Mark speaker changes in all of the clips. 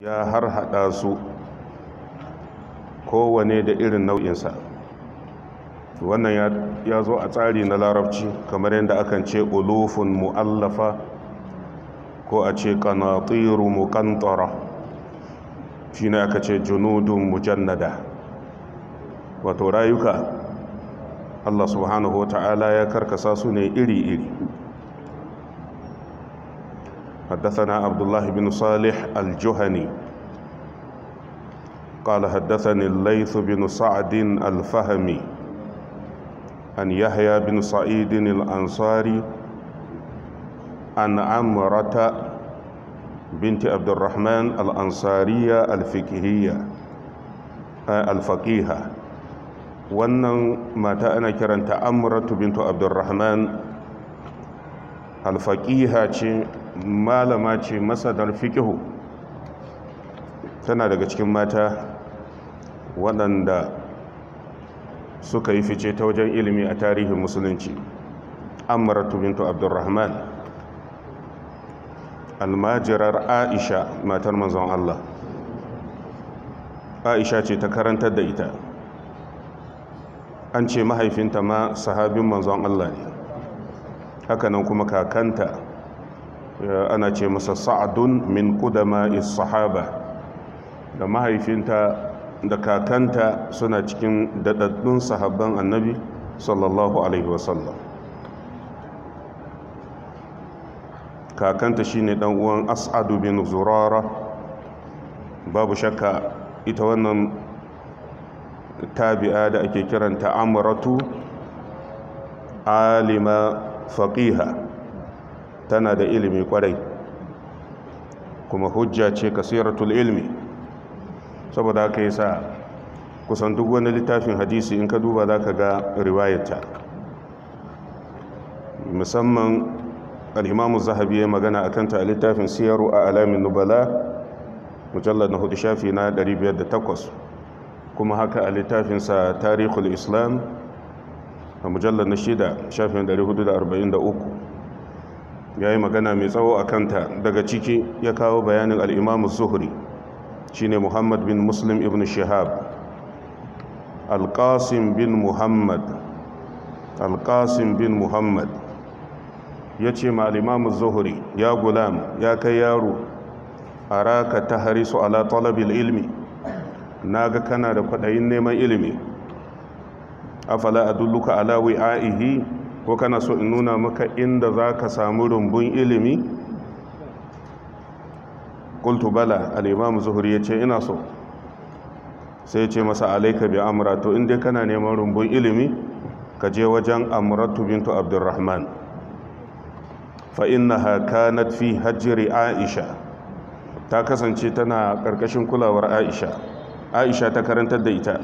Speaker 1: ya har harhaɗa su kowane da irin nau'insa wannan ya zo a tsari na larabci kamar yadda akan ce ulufun mu'allafa ko a ce kanatiru muƙantara shi ne aka ce junudun mujannada wato rayuka allah subhanahu wa ta'ala ya karkasa su ne iri-iri حدثنا عبد الله بن صالح الجهني قال حدثني الليث بن سعد الفهمي عن يحيى بن سعيد الأنصاري عن عمرة بنت عبد الرحمن الأنصارية الفقهية الفقيهة wannan mata ana kiranta amratu bintu abdurrahman alfaqiha ce malama ce masadar fikihu tana daga cikin mata waɗanda suka yi fice ta wajen ilimi a tarihin musulunci amuratu bintu abdurrahman almajirar aisha matar manzon allah aisha ce ta karantar da ita an ce mahaifinta ma sahabin manzon allah ne hakanan kuma kakanta Eh, ana ce masa sa'adun min kudama sahaba da mahaifinta da kakanta suna cikin daɗaɗɗun sahabban annabi sallallahu alaihi wasallam kakanta shine ɗan uwan as'adu bin zurara babu shakka ita wannan tabi'a da ake kiranta amratu alima faƙiha tana da ilimi kwarai kuma hujja ce kasiratul ilmi saboda haka sa kusan duk wani littafin hadisi in ka duba za ka ga riwayata musamman al zahabi ya magana kanta a littafin Siyaru a Alamin Nubala mujallar na hudu shafi na 508 kuma haka a littafinsa Tarihul Islam a mujallar na shida shafi 443 ya yi magana mai tsawo a kanta daga ciki ya kawo bayanin al'imamu zuhuri shine muhammad bin muslim ibn shihab alƙasim bin muhammad alƙasim bin muhammad ya ce ma al'imamu zuhuri ya gulam ya kai yaro a raka ta harisu ala talabil ilmi na ga kana da kwaɗayin neman ilimi afala a ala wi'a'ihi ko kana so in nuna maka inda za ka samu rumbun ilimi kultu bala al'imamu zuhuri ya ce ina so sai ce masa alaika bi amra to inda kana neman rumbun ilimi ka je wajen amratu bintu abdurrahman fa haka na fi hajjiri aisha ta kasance tana ƙarƙashin kulawar aisha aisha ta karantar da ita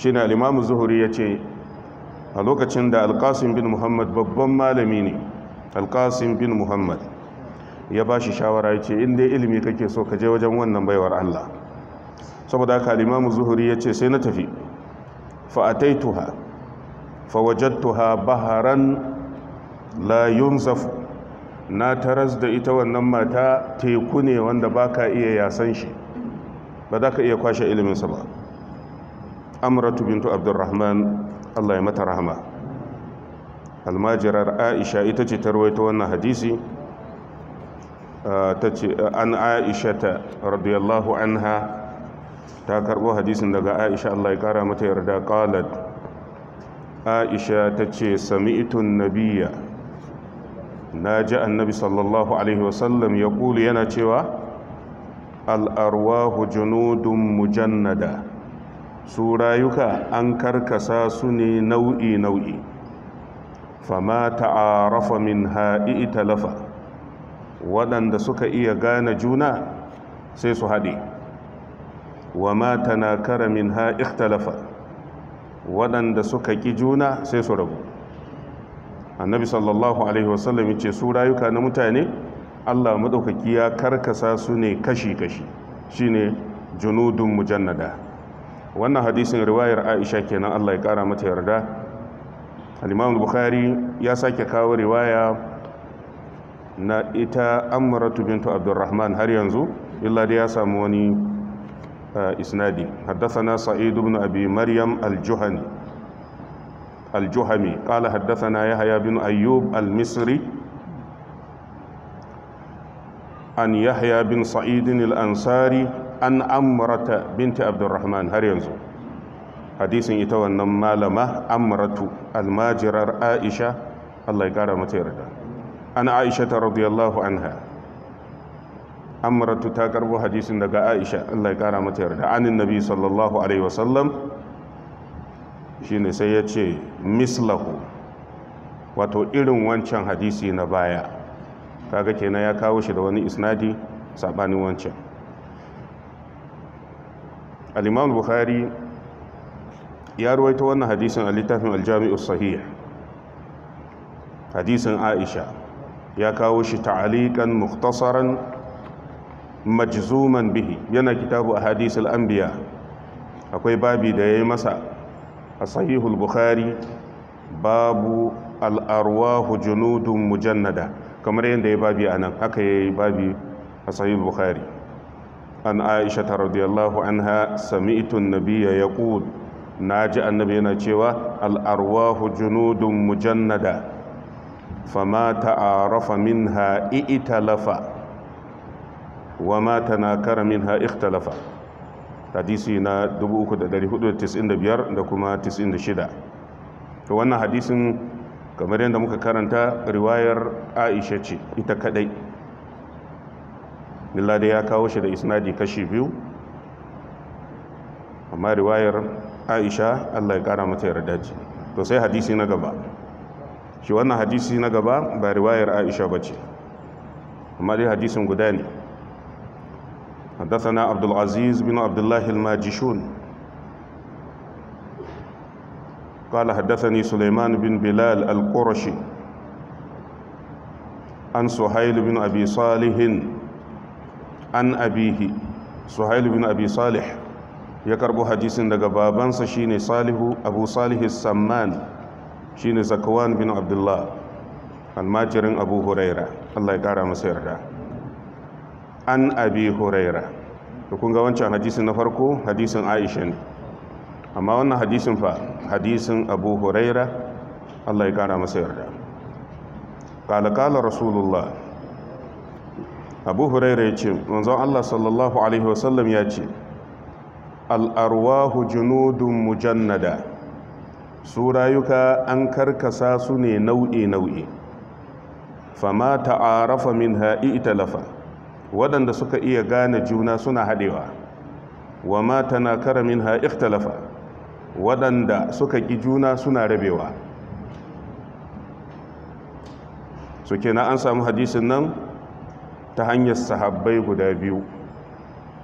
Speaker 1: shine al-imamu zuhuri a lokacin da alkasim bin muhammad babban malami ne alkasim bin muhammad ya ba shi shawara ya ce inda ilimi kake so ka je wajen wannan baiwar allah saboda haka limamu zuhuri ya ce sai na tafi fa'ataituha fawajattuha baharan la yunzafu na taras da ita wannan mata teku ne wanda baka iya yasan shi ba za ka iya kwashe iliminsa ba amratu bintu abdurrahman Allah ya mata rahama almajirar aisha ita ce tarwaita wannan hadisi ta ce an aisha ta radiyallahu anha ta karbo hadisin daga aisha Allah ya kara mata yarda qalat aisha ta ce sami'tun nabiyya na ji annabi sallallahu alaihi wasallam ya kuli yana cewa al'arwahu junudun mujannada su rayuka an karkasa su ne nau'i nau'i fama ta'arafa min ha'i talafa waɗanda suka iya gane juna sai su haɗe wa ma tanakara min ha'i talafa waɗanda suka ƙi juna sai su rabu annabi sallallahu alaihi wasallam ce su rayuka na mutane allah maɗaukaki ya karkasa su ne kashi-kashi shine junudun mujannada wannan hadisin riwayar aisha kenan allah ya kara mata yarda al-imam bukhari ya sake kawo riwaya na ita amratu bintu abdurrahman har yanzu illa da ya samu wani eh, isnadi haddathana sa'id bin abi maryam al-juhani al-juhami yahya bin ayyub al-misri an yahya bin sa'idin al-ansari an amrata binti abdurrahman har yanzu hadisin ita wannan malama amratu almajirar aisha Allah ya kara mata yarda an aisha ta radiyallahu anha amratu ta karbo hadisin daga aisha Allah ya kara mata yarda anin nabi sallallahu alaihi wasallam ne sai ya ce mislahu wato irin wancan hadisi na baya kaga kenan ya kawo shi da wani isnadi sabanin wancan al-imam bukhari ya ruwaito wannan hadisin a littafin al-jami'u sahih hadisin aisha ya kawo shi ta'aliqan mukhtasaran majzuman bihi yana kitabu ahadith al-anbiya akwai babi da yayi masa a sahihul bukhari babu al junudun mujannada kamar yadda ya babi a nan haka ya yi babi a sahih bukhari an aisha ta radiyallahu anha sami'tun nabiyya yaqul naji annabi yana cewa al'arwahu arwahu junudun mujannada fama ta'arafa minha i'talafa wa ma tanakara minha ikhtalafa hadisi na 3495 da kuma 96 wannan hadisin kamar yadda muka karanta riwayar aisha ce ita kadai lillade ya kawo shi da isnadi kashi biyu amma riwayar aisha allah ya kara mata yarda ce to sai hadisi na gaba shi wannan hadisi na gaba ba riwayar aisha ba ce amma dai hadisin guda ne حدثنا na العزيز bin abdullahi الله الماجشون قال حدثني سليمان بن بلال القرشي عن سهيل بن أبي صالح عن أبيه سهيل بن أبي صالح يكرب حديث daga babansa shine Salihu Abu Salih Samman shine Zakwan bin Abdullah almajirin Abu Huraira Allah ya kara masa yarda an Abi Huraira to kun wancan hadisin na farko hadisin Aisha ne amma wannan hadisin fa hadisin abu huraira allah ya kara masa yarda kalakala rasulullah abu huraira ya ce manzon allah sallallahu alaihi wasallam ya ce al'arwahu junudun mujannada su rayuka an karkasa su ne nau'i-nau'i fama ta'arafa min ha'i talafa waɗanda suka iya gane juna suna haɗewa wa ma tana kara min ha'i talafa waɗanda suka ƙi juna suna rabewa su na an samu hadisin nan ta hanyar sahabbai guda biyu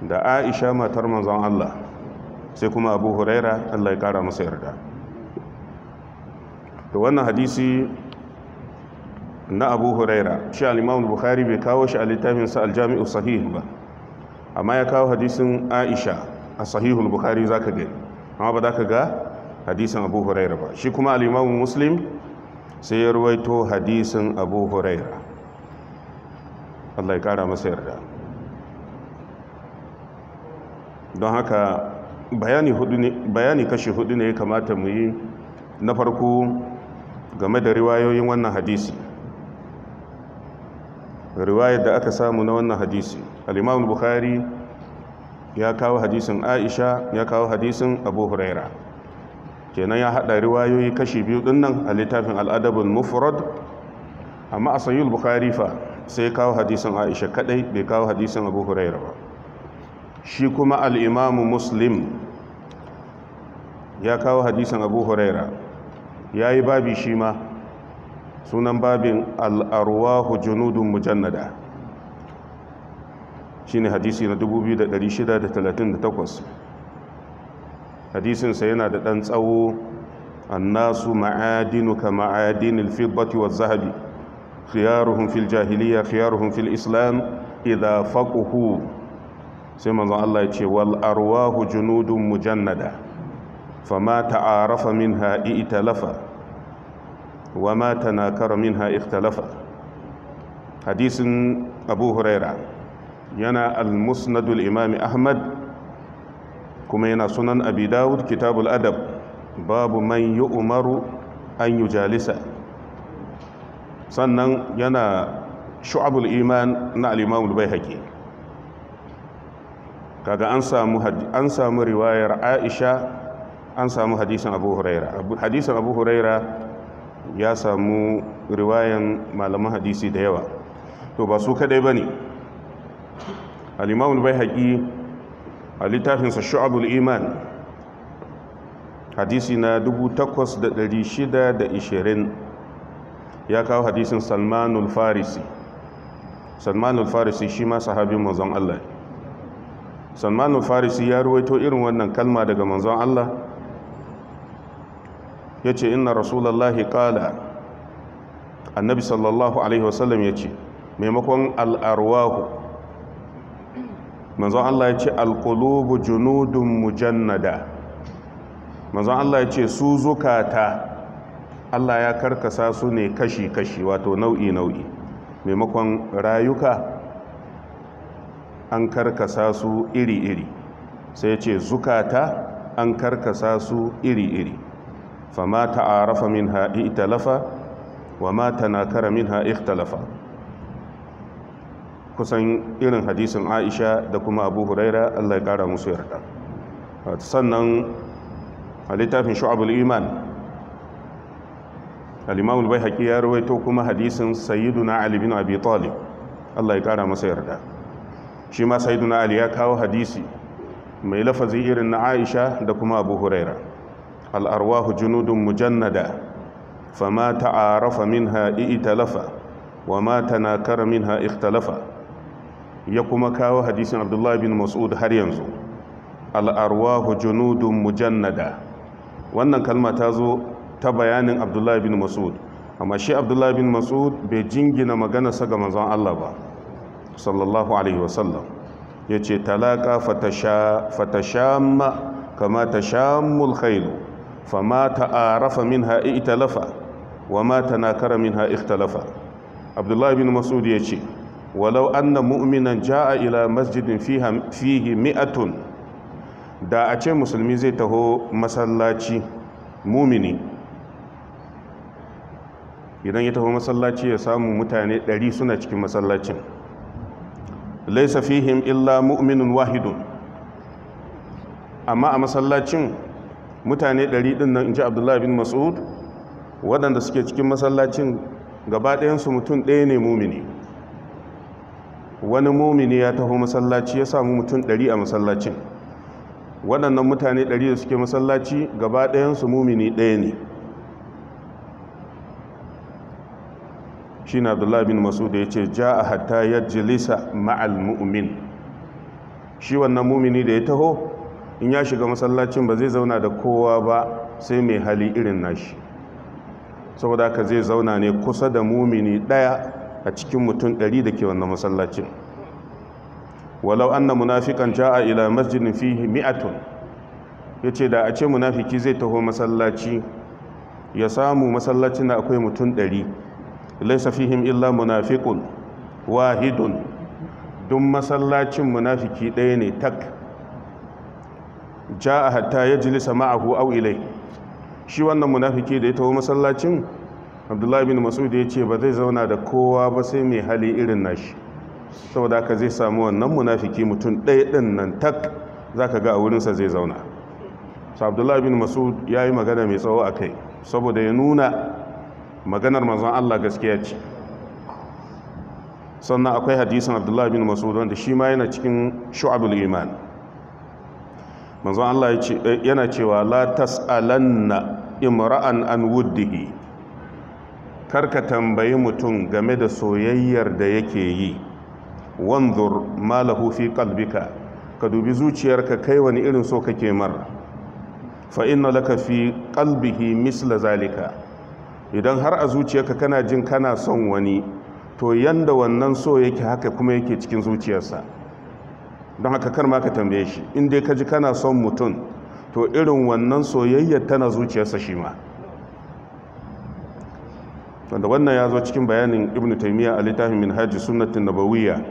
Speaker 1: da aisha matar manzan Allah sai kuma abu huraira Allah ya kara masa yarda da wannan hadisi na abu huraira shi al bukhari bai kawo shi a littafinsa aljami'u sahihu ba amma ya kawo hadisin aisha a sahihul bukhari zaka gani amma ba za ka ga hadisin abu huraira ba shi kuma alimamun muslim sai ya ruwaito hadisan abu huraira allah kara masa yarda don haka bayani kashi hudu ne ya kamata mu yi na farko game da riwayoyin wannan hadisi riwayar da aka samu na wannan hadisi alimamun buhari ya kawo hadisin aisha ya kawo hadisin abu huraira kenan ya haɗa riwayoyi kashi biyu dinnan a littafin al'adabin mufrad amma a sayyul bukari fa sai kawo hadisin aisha kadai bai kawo hadisin abu huraira ba shi kuma al'imamu muslim ya kawo hadisin abu huraira ya yi babi shi ma sunan babin al'arwahu hujjunudun mujannada shine hadisi na 2638 hadisinsa yana da ɗan tsawo annasu ma'adinu ka ma'adinil fiddati wa zahabi khiyaruhum fil jahiliya khiyaruhum fil islam idha faquhu sai manzo Allah ya ce wal arwahu junudun mujannada fama ta'arafa minha italafa wama tanakara minha ikhtalafa hadisin abu huraira yana al-musnadul imami ahmad kuma yana sunan abi dawud kitabul adab babu man yi umaru an yi jalisa sannan yana shu'abul iman na al-imamul bai haƙi kaga an samu riwayar aisha an samu hadisin abu huraira hadisin abu huraira ya samu riwayan malaman hadisi da yawa to ba su kadai ba ne al bai al a littafinsa shu'abul iman hadisi na 8620 ya kawo hadisin salmanul farisi salmanul farisi shi ma sahabin manzon Allah salmanul farisi ya ruwaito irin wannan kalma daga manzon Allah ya ce inna rasulallahi kala annabi sallallahu alaihi wasallam ya ce maimakon al'arwahu manzon Allah ya ce alqulubu junudun mujannada manzon Allah ya ce su zukata Allah ya karkasa su ne kashi-kashi wato nau'i-nau'i maimakon rayuka an karkasa su iri-iri sai ce zukata an karkasa su iri-iri fama ta'arafa minha italafa wa ma tanakara minha talafa kusan irin hadisin aisha da kuma abu huraira allah ya kara musu yarda sannan a littafin shu'abul iman al'imamul bai haƙi ya rawaito kuma hadisin sayiduna ali bin abi talib allah ya kara masa yarda shi ma sayiduna ali ya kawo hadisi mai lafazi irin na aisha da kuma abu huraira al'arwahu junudun mujannada fama ta'arafa minha i'talafa wa ma ta na tanakara minha ikhtalafa ya kuma kawo hadisin abdullahi bin mas'ud har yanzu al'arwahu junudun mujannada wannan kalma ta zo ta bayanin abdullahi bin mas'ud amma shi abdullahi bin mas'ud bai jingina maganarsa ga manzon Allah ba sallallahu alaihi wasallam ya ce talaka fatashamma kama tashammul khailu fama ta'arafa minha italafa wa ma tanakara minha ikhtalafa abdullahi bin mas'ud ya ce walau anna mu'minan ja'a ila masjidin fihi mi'atun da a ce musulmi zai taho masallaci mumini idan ya taho masallaci ya samu mutane 100 suna cikin masallacin laisa fihim illa mu'minun wahidun amma a masallacin mutane 100 din nan inji abdullahi bin mas'ud waɗanda suke cikin masallacin gaba ɗayansu mutum ɗaya ne mumini wani mumini ya taho masallaci ya samu mutum ɗari a masallacin waɗannan mutane ɗari da suke masallaci gaba ɗayansu mumini ɗaya ne shi na abdullahi bin masudu ya ce ja a hatta ya jilisa ma'al mu'min shi wannan mumini da ya taho in ya shiga masallacin ba zai zauna da kowa ba sai mai hali irin nashi saboda ka zai zauna ne kusa da mumini ɗaya a cikin mutum ɗari da ke wannan masallacin walau anna munafiqan jaa ila masjidin fihi mi'atun yace da a ce munafiki zai taho masallaci ya samu masallacin da akwai mutum ɗari laysa fihim illa munafiqun wahidun dun masallacin munafiki ɗaya ne tak jaa hatta yajlisa ma'ahu aw ilai shi wannan munafiki da ya taho masallacin abdullahi bin masudi ya ce ba zai zauna da kowa ba sai mai hali irin nashi saboda haka zai samu wannan munafiki mutum ɗaya ɗin nan tak za ka ga a wurinsa zai zauna sa abdullahi bin masud ya yi magana mai tsawo a kai saboda ya nuna maganar mazan allah gaskiya ce sannan akwai hadisan abdullahi bin masud wanda shi ma yana cikin shu'abul iman Mazan allah yana cewa la tas'alanna imra'an an wuddihi karka tambayi mutum game da soyayyar da yake yi wanzur malahu fi qalbika ka dubi zuciyarka kai wani irin so kake mar fa inna laka fi qalbihi misla zalika idan har a zuciyarka kana jin kana son wani to yanda wannan so yake haka kuma yake cikin zuciyarsa don haka kar ma ka tambaye shi in dai ka ji kana son mutum to irin wannan soyayyar tana zuciyarsa shi ma wanda wannan ya zo cikin bayanin ibn taimiyya a littafin min hajji sunnatin nabawiyya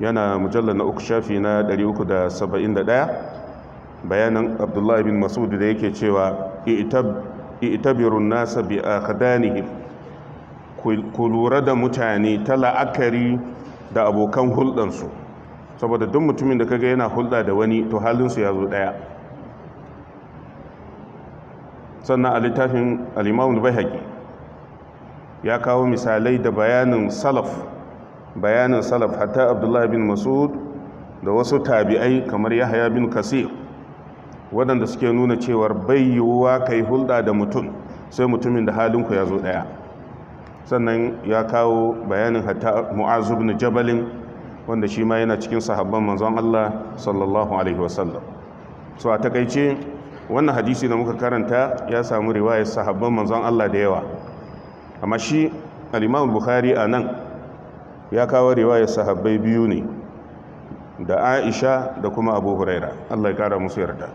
Speaker 1: yana mujallar na uku shafi na 371 bayanin abdullahi bin masud da yake cewa i'tabirun nasa bi akhadanihim ku lura da mutane ta la'akari da abokan hulɗansu saboda duk mutumin da kaga yana hulɗa da wani to halinsu ya zo ɗaya sannan a littafin alimamun bai haƙi ya kawo misalai da bayanin salaf bayanin salaf hatta abdullahi bin masud da wasu tabi'ai kamar yahaya bin kasir waɗanda suke nuna cewar bai yiwuwa kai hulɗa da mutum sai mutumin da halinku ya zo ɗaya sannan ya kawo bayanin hatta mu'azu bin jabalin wanda shi ma yana cikin sahabban manzon Allah sallallahu alaihi wasallam so a takaice wannan hadisi da muka karanta ya samu riwayar sahabban manzon Allah da yawa amma shi al-imam bukhari a nan ya kawo riwayar sahabbai biyu ne da aisha da kuma abu huraira allah ya kara musu yarda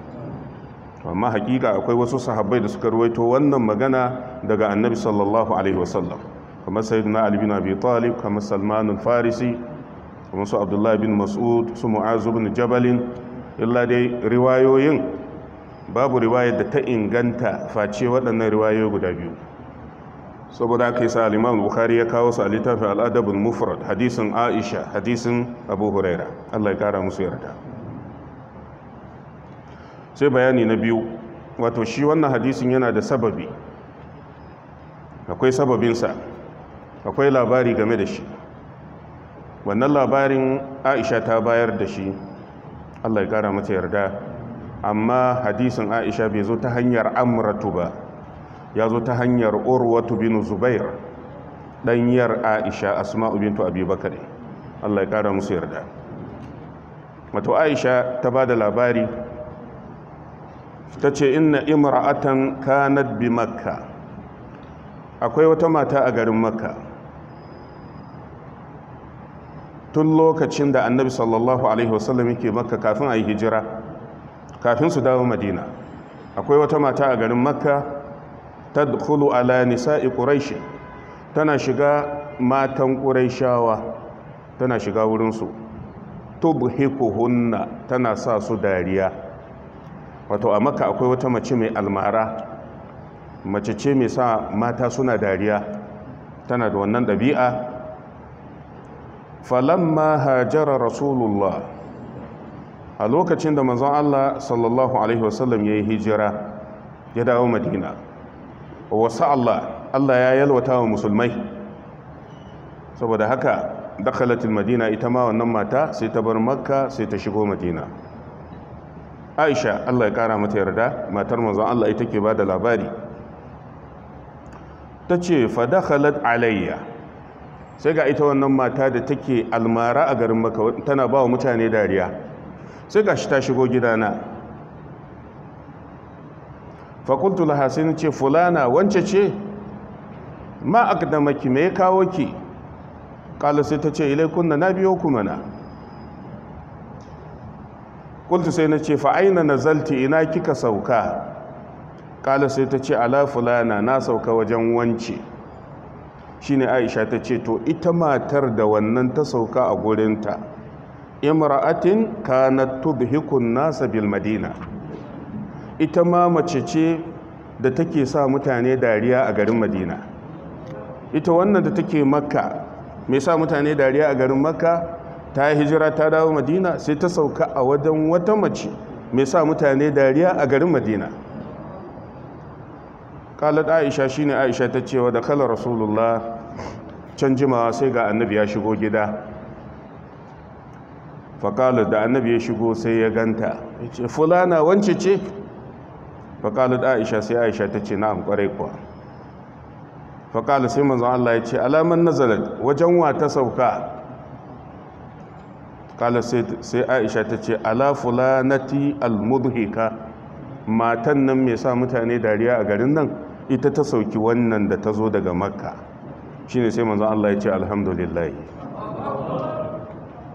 Speaker 1: amma hakika akwai wasu sahabbai da suka ruwaito wannan magana daga annabi sallallahu alaihi wasallam kamar sayyidina ali bin abi talib kamar salman al-farisi kamar su abdullahi bin mas'ud su mu'azu bin jabalin illa dai riwayoyin babu riwayar da ta inganta face waɗannan riwayoyi guda biyu saboda aka yi sa liman bukari ya kawo su a littafin al'adabin mufrad hadisin aisha hadisin abu huraira allah ya kara musu yarda sai bayani na biyu wato shi wannan hadisin yana da sababi akwai sababinsa akwai labari game da shi wannan labarin aisha ta bayar da shi allah ya kara mata yarda amma hadisin aisha bai zo ta hanyar amuratu ba ya zo ta hanyar urwatu bin zubair ɗanyar aisha asma'u bintu abi bakare allah ya ƙara musu yarda wato aisha ta ba da labari ta ce inna imra'atan kanat bi makka akwai wata mata a garin makka tun lokacin da annabi sallallahu alaihi wasallam yake makka kafin a yi hijira kafin su dawo madina akwai wata mata a garin makka tadkhulu ala nisa'i quraish tana shiga matan quraishawa tana shiga wurin su tubhikuhunna tana sa su dariya wato a makka akwai wata mace mai almara mace ce mai sa mata suna dariya tana da wannan ɗabi'a falamma hajara rasulullah a lokacin da manzon Allah sallallahu alaihi wasallam ya hijira ya dawo madina wasu Allah Allah ya yalwata wa musulmai saboda haka dakalatin madina ita ma wannan mata sai ta bar makka sai ta shigo madina aisha Allah ya kara mata yarda matar manzon Allah ita ke ba da labari ta ce fadakhalat alayya sai ga ita wannan mata da take almara a garin maka tana ba wa mutane dariya sai ga shi ta shigo gidana fakultu laha sai ce fulana wance ce ma me ya kawo ki kala ta ce ilaikunna na biyo ku mana kultu sai na ce fa'aina na zalti ina kika sauka kala ta ce ala fulana na sauka wajen wance shine aisha ta ce to ita matar da wannan ta sauka a gurinta imra'atin kanat tudhikun nasa bil madina ita ma mace ce da take sa mutane dariya a garin madina ita wannan da take makka mai sa mutane dariya a garin makka ta yi hijira ta dawo madina sai ta sauka a wajen wata mace mai sa mutane dariya a garin madina kalat aisha shine aisha ta cewa da kala rasulullah can jimawa sai ga annabi ya shigo gida faƙalar da annabi ya shigo sai ya ganta ya ce fulana wance ce faƙalu aisha sai aisha ta ce na'am ƙwarai kuwa faƙalu sai manzan Allah ya ce alamun nazarar wajen wa ta sauka ƙala sai aisha ta ce ala fulanati almudhika matan nan mai sa mutane dariya a garin nan ita ta sauki wannan da ta zo daga makka shine sai manzan Allah ya ce alhamdulillah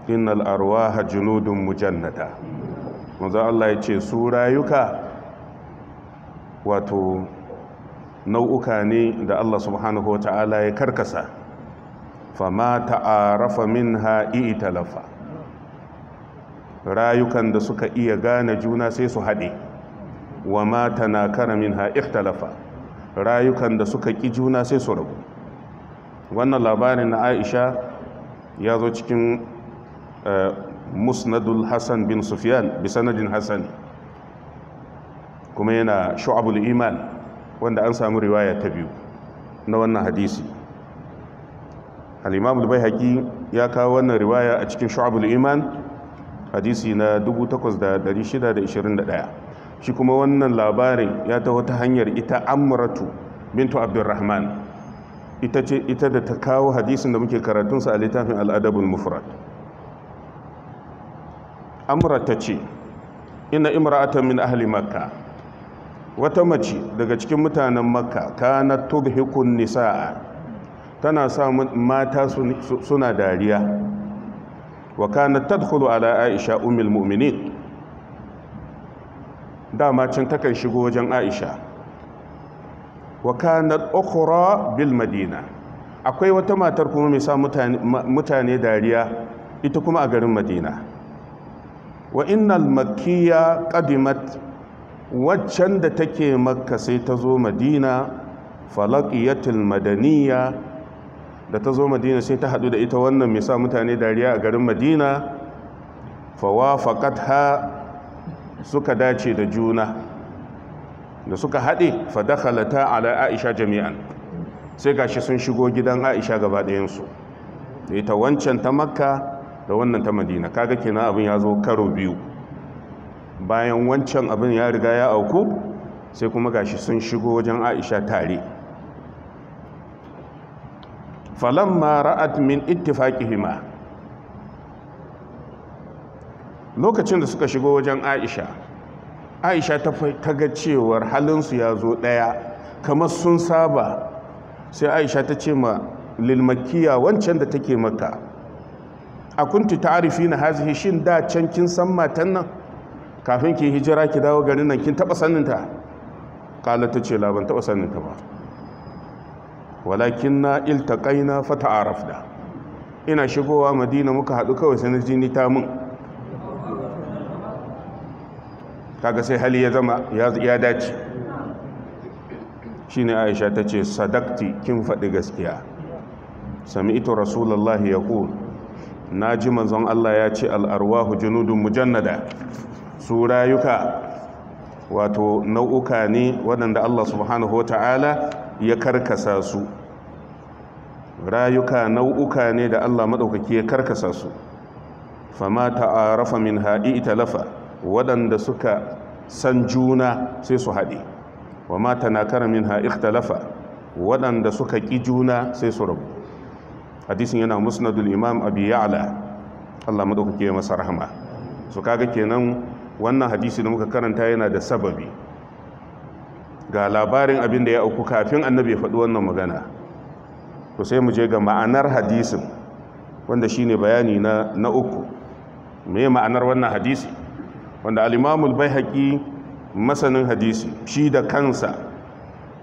Speaker 1: innal arwaha junudun mujannada manzan Allah ya ce su rayuka wato nau'uka ne da Allah subhanahu wa ta'ala ya karkasa fama ta'arafa min ha'i talafa rayukan da suka iya gane juna sai su haɗe wa mata na kara min ha'i talafa rayukan da suka ƙi juna sai su rabu wannan labarin na aisha ya zo cikin eh, musnadul hassan bin sufyan bisanadin hassani kuma yana shu'abul iman wanda an samu riwaya ta biyu na wannan hadisi al-imam al-baihaqi ya kawo wannan riwaya a cikin shu'abul iman hadisi na 8621 shi kuma wannan labarin ya taho ta hanyar ita amratu bintu abdurrahman ita ce ita da ta kawo hadisin da muke karatunsa a littafin al'adabul mufrad amrata ce ina imra'atan min ahli makka wata mace daga cikin mutanen makka kana tubhikun nisaa tana sa mata suna dariya wa kana tadkhulu ala aisha ummul mu'minin dama cin takan shigo wajen aisha wa kanat ukhra bil madina akwai wata matar kuma mai sa mutane dariya ita kuma a garin madina wa innal makkiya qadimat waccan da take makka sai ta zo madina falakiyatul madaniya da ta zo madina sai ta hadu da ita wannan mai sa mutane dariya a garin madina fawafaqat ha suka dace da juna da suka haɗe fadakalata ala aisha jami'an sai gashi sun shigo gidan aisha gaba ɗayansu da ita wancan ta makka da wannan ta madina kaga kenan abin ya zo karo biyu bayan wancan abin ya riga ya auku sai kuma gashi sun shigo wajen aisha tare falamma ra'at min ittifaqihima lokacin da suka shigo wajen aisha aisha ta ga cewar halinsu ya zo ɗaya kamar sun saba sai aisha ta ce ma lilmakiya wancan da take maka a kunti ta arifi na hazihi shin da can kin san matan nan kafin ki hijira ki dawo garin nan kin taba saninta kala ta ce laban taba saninta ba walakin na iltaqaina fata'arafna ina shigowa madina muka hadu kawai sai jini ta mun kaga sai hali ya zama ya dace shine Aisha tace sadakti kin faɗi gaskiya sami'tu rasulullahi yaqul naji manzon Allah ya ce al-arwahu junudun mujannada su rayuka wato nau'uka ne waɗanda Allah subhanahu ta'ala ya karkasa su rayuka nau'uka ne da Allah maɗaukaki ya karkasa su fama ta'arafa min haɗi italafa waɗanda suka san juna sai su haɗe wa mata na kara min haɗi italafa waɗanda suka ƙi juna sai su rabu hadisin yana musnadul imam abi ya'la Allah maɗaukaki ya masa rahama su kaga kenan wannan hadisi da muka karanta yana da sababi ga labarin abin da ya auku kafin annabi ya faɗi wannan magana to sai mu je ga ma'anar hadisin wanda shine bayani na na uku me ma'anar wannan hadisi wanda al-Imamul Baihaqi masanin hadisi shi da kansa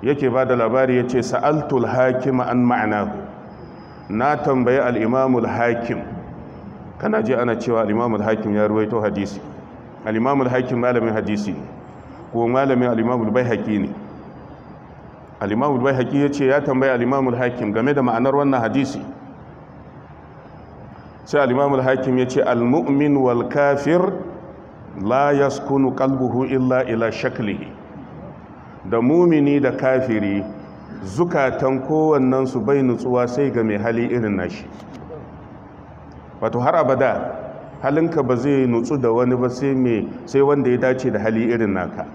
Speaker 1: yake ba da labari yace sa'altul hakim an ma'anahu na tambaye al-Imamul Hakim kana je ana cewa al-Imamul Hakim ya ruwaito hadisi al-imamul malamin hadisi ne ko malamin al bai haƙi ne al-imamul baihaqi yace ya tambaye al-imamul game da ma'anar wannan hadisi sai al-imamul hakim yace al-mu'min wal kafir la yaskunu qalbuhu illa ila shaklihi da mumini da kafiri zukatan kowannensu bai nutsuwa sai ga mai hali irin nashi wato har abada halinka ba zai nutsu da wani ba sai mai sai wanda ya dace da hali irin naka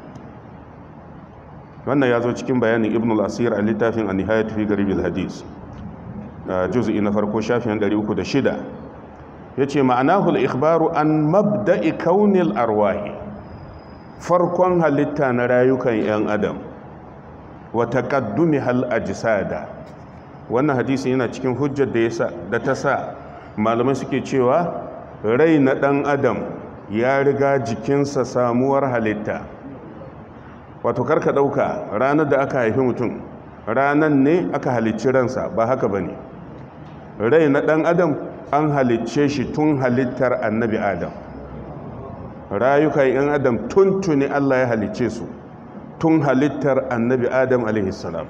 Speaker 1: wannan ya zo cikin bayanin ibn al-asir a littafin a nihayat garibin hadis juz'i na farko shafin 306 yace ma'ana al ikbaru an mabda'i kaunil arwahi farkon halitta na rayukan 'yan adam wa taqaddumi hal jisada wannan hadisi yana cikin hujjar da da ta sa malamai suke cewa rai na ɗan adam ya riga jikinsa samuwar halitta wato karka ɗauka ranar da aka haifi mutum ranar ne aka halicci ransa ba haka ba ne rai na ɗan adam an halicce shi tun halittar annabi adam rayukan 'yan adam tun tuni allah ya halicce su tun halittar annabi adam alaihissalam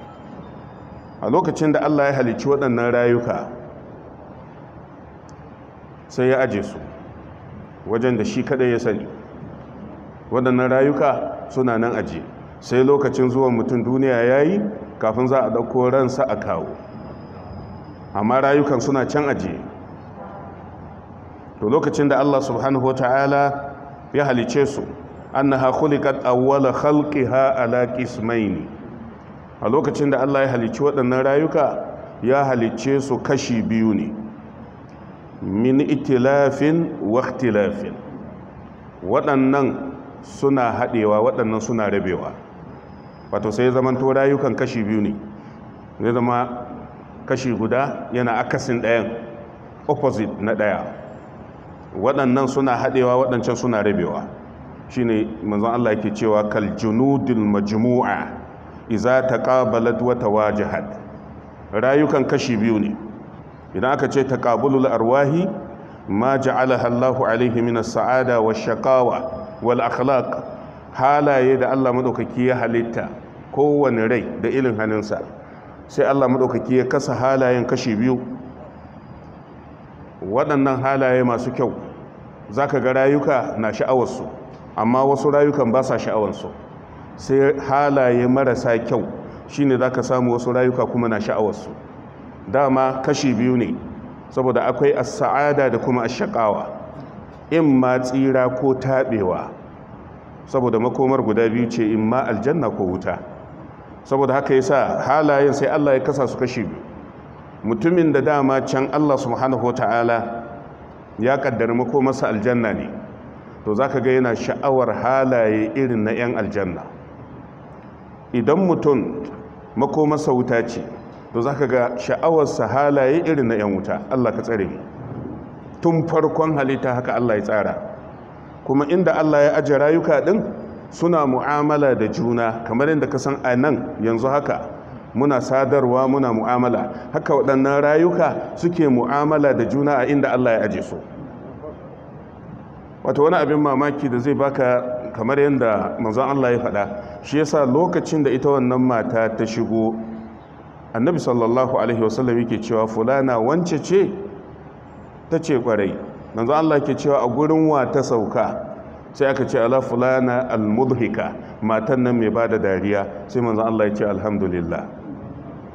Speaker 1: a lokacin da allah ya halicci waɗannan rayuka sai ya aje su wajen da shi kadai ya sani waɗannan rayuka suna nan aje sai lokacin zuwan mutum duniya ya yi kafin za a ɗauko ransa a kawo amma rayukan suna can aje to lokacin da Allah subhanahu wa ya halice su annaha khuliqat awwala khalqiha ala qismaini a lokacin da Allah ya halici waɗannan rayuka ya halice su kashi biyu ne min itilafin wa ikhtilafin waɗannan suna haɗewa waɗannan suna rabewa wato sai zaman to rayukan kashi biyu ne zai zama kashi guda yana akasin ɗayan opposite na ɗaya waɗannan suna haɗewa waɗancan suna rabewa shine manzon Allah ke cewa kal junudil majmu'a iza taqabalat wata tawajahat rayukan kashi biyu ne idan aka ce taqabulul arwahi ma ja'alaha Allahu alaihi min as-sa'ada wash-shaqawa wal akhlaq halaye da Allah madaukaki ya halitta kowane rai da ilin hannunsa sai Allah madaukaki ya kasa halayen kashi biyu waɗannan halaye masu kyau zaka ga rayuka na sha'awarsu amma wasu rayukan ba sa sha'awarsu sai halaye marasa kyau shine zaka samu wasu rayuka kuma na sha'awarsu dama kashi biyu ne saboda akwai a saada da kuma a shaqawa in ma tsira ko taɓewa saboda makomar guda biyu ce in ma aljanna ko wuta saboda haka yasa halayen sai Allah ya kasa su kashi biyu mutumin da dama can Allah subhanahu ta'ala ya kaddara makomarsa aljanna ne to zaka ga yana sha'awar halaye irin na 'yan aljanna idan mutum makomarsa wuta ce to za ka ga sha'awarsa halaye irin na 'yan wuta Allah ka tsare tun farkon halitta haka Allah ya tsara kuma inda Allah ya aje rayuka ɗin suna mu'amala da juna kamar yadda ka san a nan yanzu haka muna sadarwa muna mu'amala haka waɗannan rayuka suke mu'amala da juna a inda Allah ya aje su wato wani abin mamaki da zai baka kamar yadda manzan Allah ya faɗa shi yasa lokacin da ita wannan mata ta shigo annabi sallallahu alaihi wasallam yake cewa fulana wance ce ta ce kwarai manzo Allah ke cewa a gurin wa ta sauka sai aka ce ala fulana almudhika matan nan mai bada dariya sai manzo Allah ya ce alhamdulillah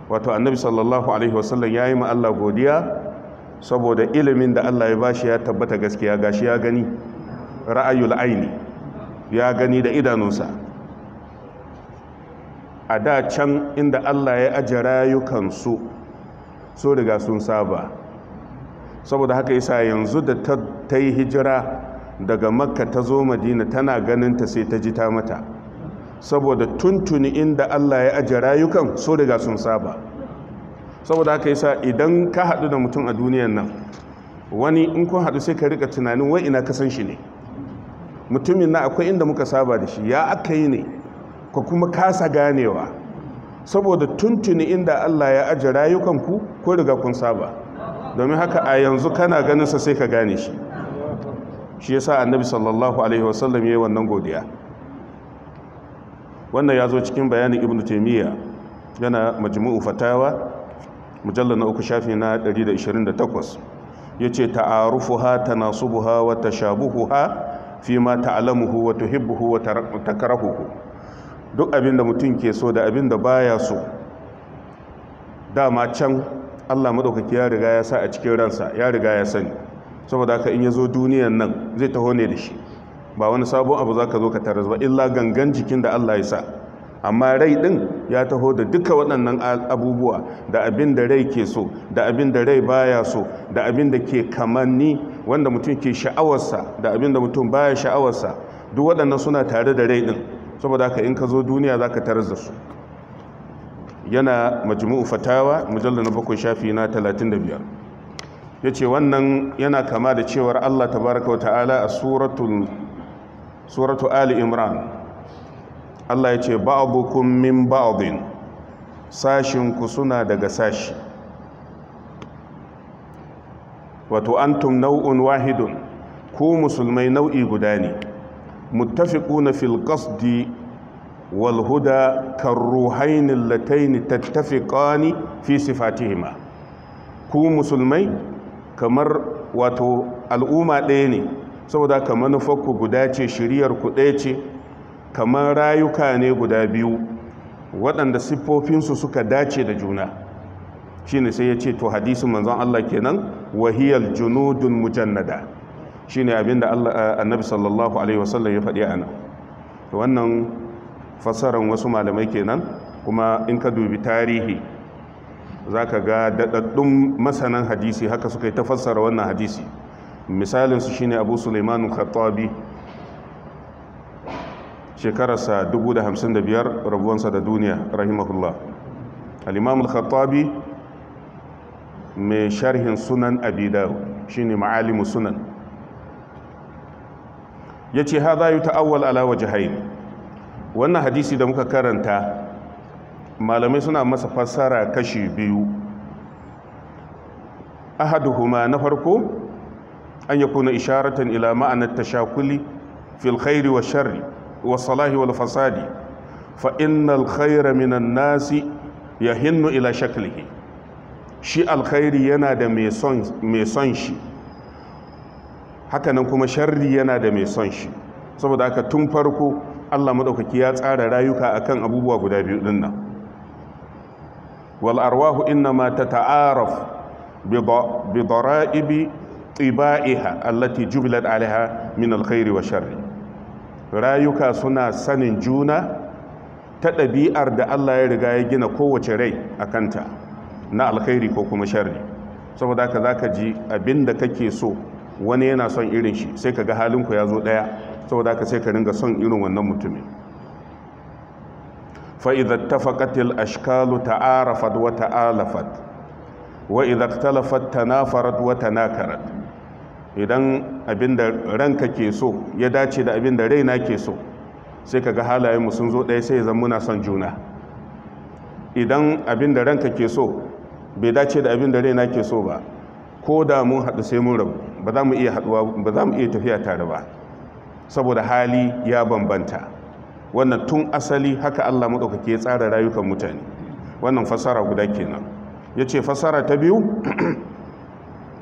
Speaker 1: wato annabi sallallahu alaihi wasallam yayi ma Allah godiya saboda ilimin da Allah ya bashi ya tabbata gaskiya gashi ya gani ra'ayul aini ya gani da idanunsa a da can inda Allah ya aji rayukansu so riga sun saba saboda haka isa yanzu da ta yi hijira daga makka ta zo madina tana ganin ta sai ta ji ta mata saboda tuntuni inda Allah ya aji rayukan so riga sun saba saboda haka isa idan ka haɗu da mutum a duniyan nan wani in kun haɗu sai ka rika tunanin wai ina kasan shi ne mutumin na akwai inda muka saba da shi ya aka yi ne ku kuma kasa ganewa saboda tuntuni inda Allah ya aji rayukanku ko riga kun saba domin haka a yanzu kana ganin sa sai ka gane shi shi yasa annabi sallallahu alaihi wasallam yi wannan godiya wannan ya zo cikin bayanin ibn taimiyya yana majmu'u fatawa mujallar na uku shafi na 128 ya ce ta'arufuha tanasubuha wa tashabuhuha fi ma ta'lamuhu wa tuhibbuhu wa takrahuhu duk abin da mutum ke so da abin da baya so dama can Allah maɗaukaki ya riga ya sa a cikin ransa ya riga ya sani saboda haka in ya zo duniyan nan zai taho ne da shi ba wani sabon abu za ka zo ka taras ba illa gangan jikin da Allah ya sa amma rai ɗin ya taho da duka waɗannan abubuwa da abin da rai ke so da abin da rai baya so da abin da ke kamanni wanda mutum ke sha'awarsa da abin da mutum baya sha'awarsa duk waɗannan suna tare da rai ɗin saboda haka in ka zo duniya za ka tarar su yana majmu'u fatawa mujallar na bakwai shafi na 35 ya ce wannan yana kama da cewar allah tabaraka wa ta'ala a suratu ali imran allah ya ce ba'abukum min ba'adin sashinku suna daga sashi wato antum nau'un wahidun ku musulmai nau'i guda ne muttafiquna fil qasdi wal huda karruhain allatayn tattafiqani fi sifatihima ku musulmai kamar wato al'umma ɗaya ne saboda ka manufarku guda ce shiryarku ɗaya ce kamar rayuka ne guda biyu waɗanda siffofinsu suka dace da juna shine sai yace to hadisin manzon Allah kenan wahiyal junudun mujannada shine abinda Allah eh, annabi sallallahu alaihi wasallam ya faɗi da wannan fasaran wasu malamai kenan kuma in ka dubi tarihi zaka ga daɗaɗɗun masanan hadisi haka suka yi ta fassara wannan hadisi Misalinsu shi ne Abu Sulaiman khattabi shekararsa 1055 rabuwansa da duniya rahimahullah al khattabi mai sharhin sunan Abi shi ne ma'alimu sunan yace ta yuta'awwal ala wajhayn wannan hadisi da muka karanta malamai suna masa fassara kashi biyu ahaduhuma na farko an yakuna isharatan ila ma'anar tashakuli fil khairi wa sharri wa salahi wal fasadi fa innal khaira minan nasi yahinnu ila shaklihi shi alkhairi yana da mai son shi hakanan kuma sharri yana da mai son shi saboda haka tun farko Allah maɗaukaki ya tsara rayuka akan abubuwa guda biyu ɗin nan wal arwahu ta ta'araf bi dara'ibi ɗiba'iha allati jubilat alaiha min alkhairi wa sharri rayuka suna sanin juna ta ɗabi'ar da Allah ya riga ya gina kowace rai a kanta na alkhairi ko kuma sharri saboda za ka ji abinda kake so wani yana son irin shi sai ka ga halinku ya zo ɗaya saboda ka sai ka ringa son irin wannan mutumin fa'idar tafakatil ashkalu ta'arafat wa ta'alafat wa idar talafat tanafarat wa tanakarat idan abinda ranka ke so ya dace da abinda raina ke so sai ka ga halayenmu sun zo ɗaya sai zan muna son juna idan abinda ranka ke so bai dace da abinda raina ke so ba ko da mun haɗu sai mun rabu ba za mu iya haɗuwa ba za mu iya tafiya tare ba saboda hali ya bambanta wannan tun asali haka Allah maɗaukaki ya tsara rayukan mutane wannan fasara guda kenan ya ce fasara ta biyu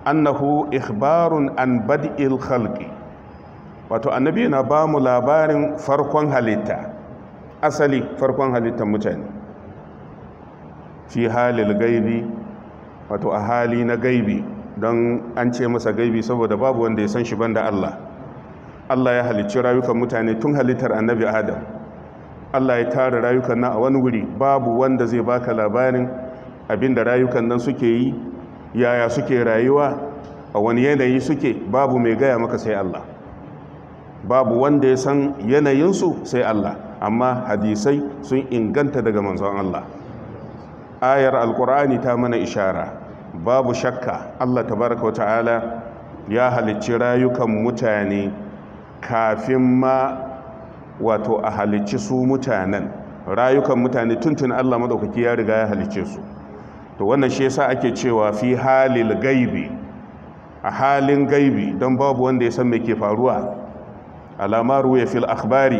Speaker 1: annahu ikhbarun an bad'il khalqi wato annabi na ba mu labarin farkon halitta asali farkon halittar mutane fi halil gaibi wato a hali na gaibi don an ce masa gaibi saboda babu wanda ya san shi banda Allah Allah ya halicci rayukan mutane tun halittar annabi Adam Allah ya tara rayukan nan a wani wuri babu wanda zai baka labarin abinda rayukan nan suke yi yaya suke rayuwa a wani yanayi suke babu mai gaya maka sai Allah babu wanda ya san yanayinsu sai Allah amma hadisai sun inganta daga manzon Allah ayar alkur'ani ta mana ishara babu shakka Allah tabaraka wa ta'ala ya halicci rayukan mutane kafin ma wato a halicci su mutanen rayukan mutane tuntun Allah madaukaki ya riga ya halicce su to wannan shi yasa ake cewa fi halil gaibi a halin gaibi don babu wanda ya san me ke faruwa alamaru ya fil akhbari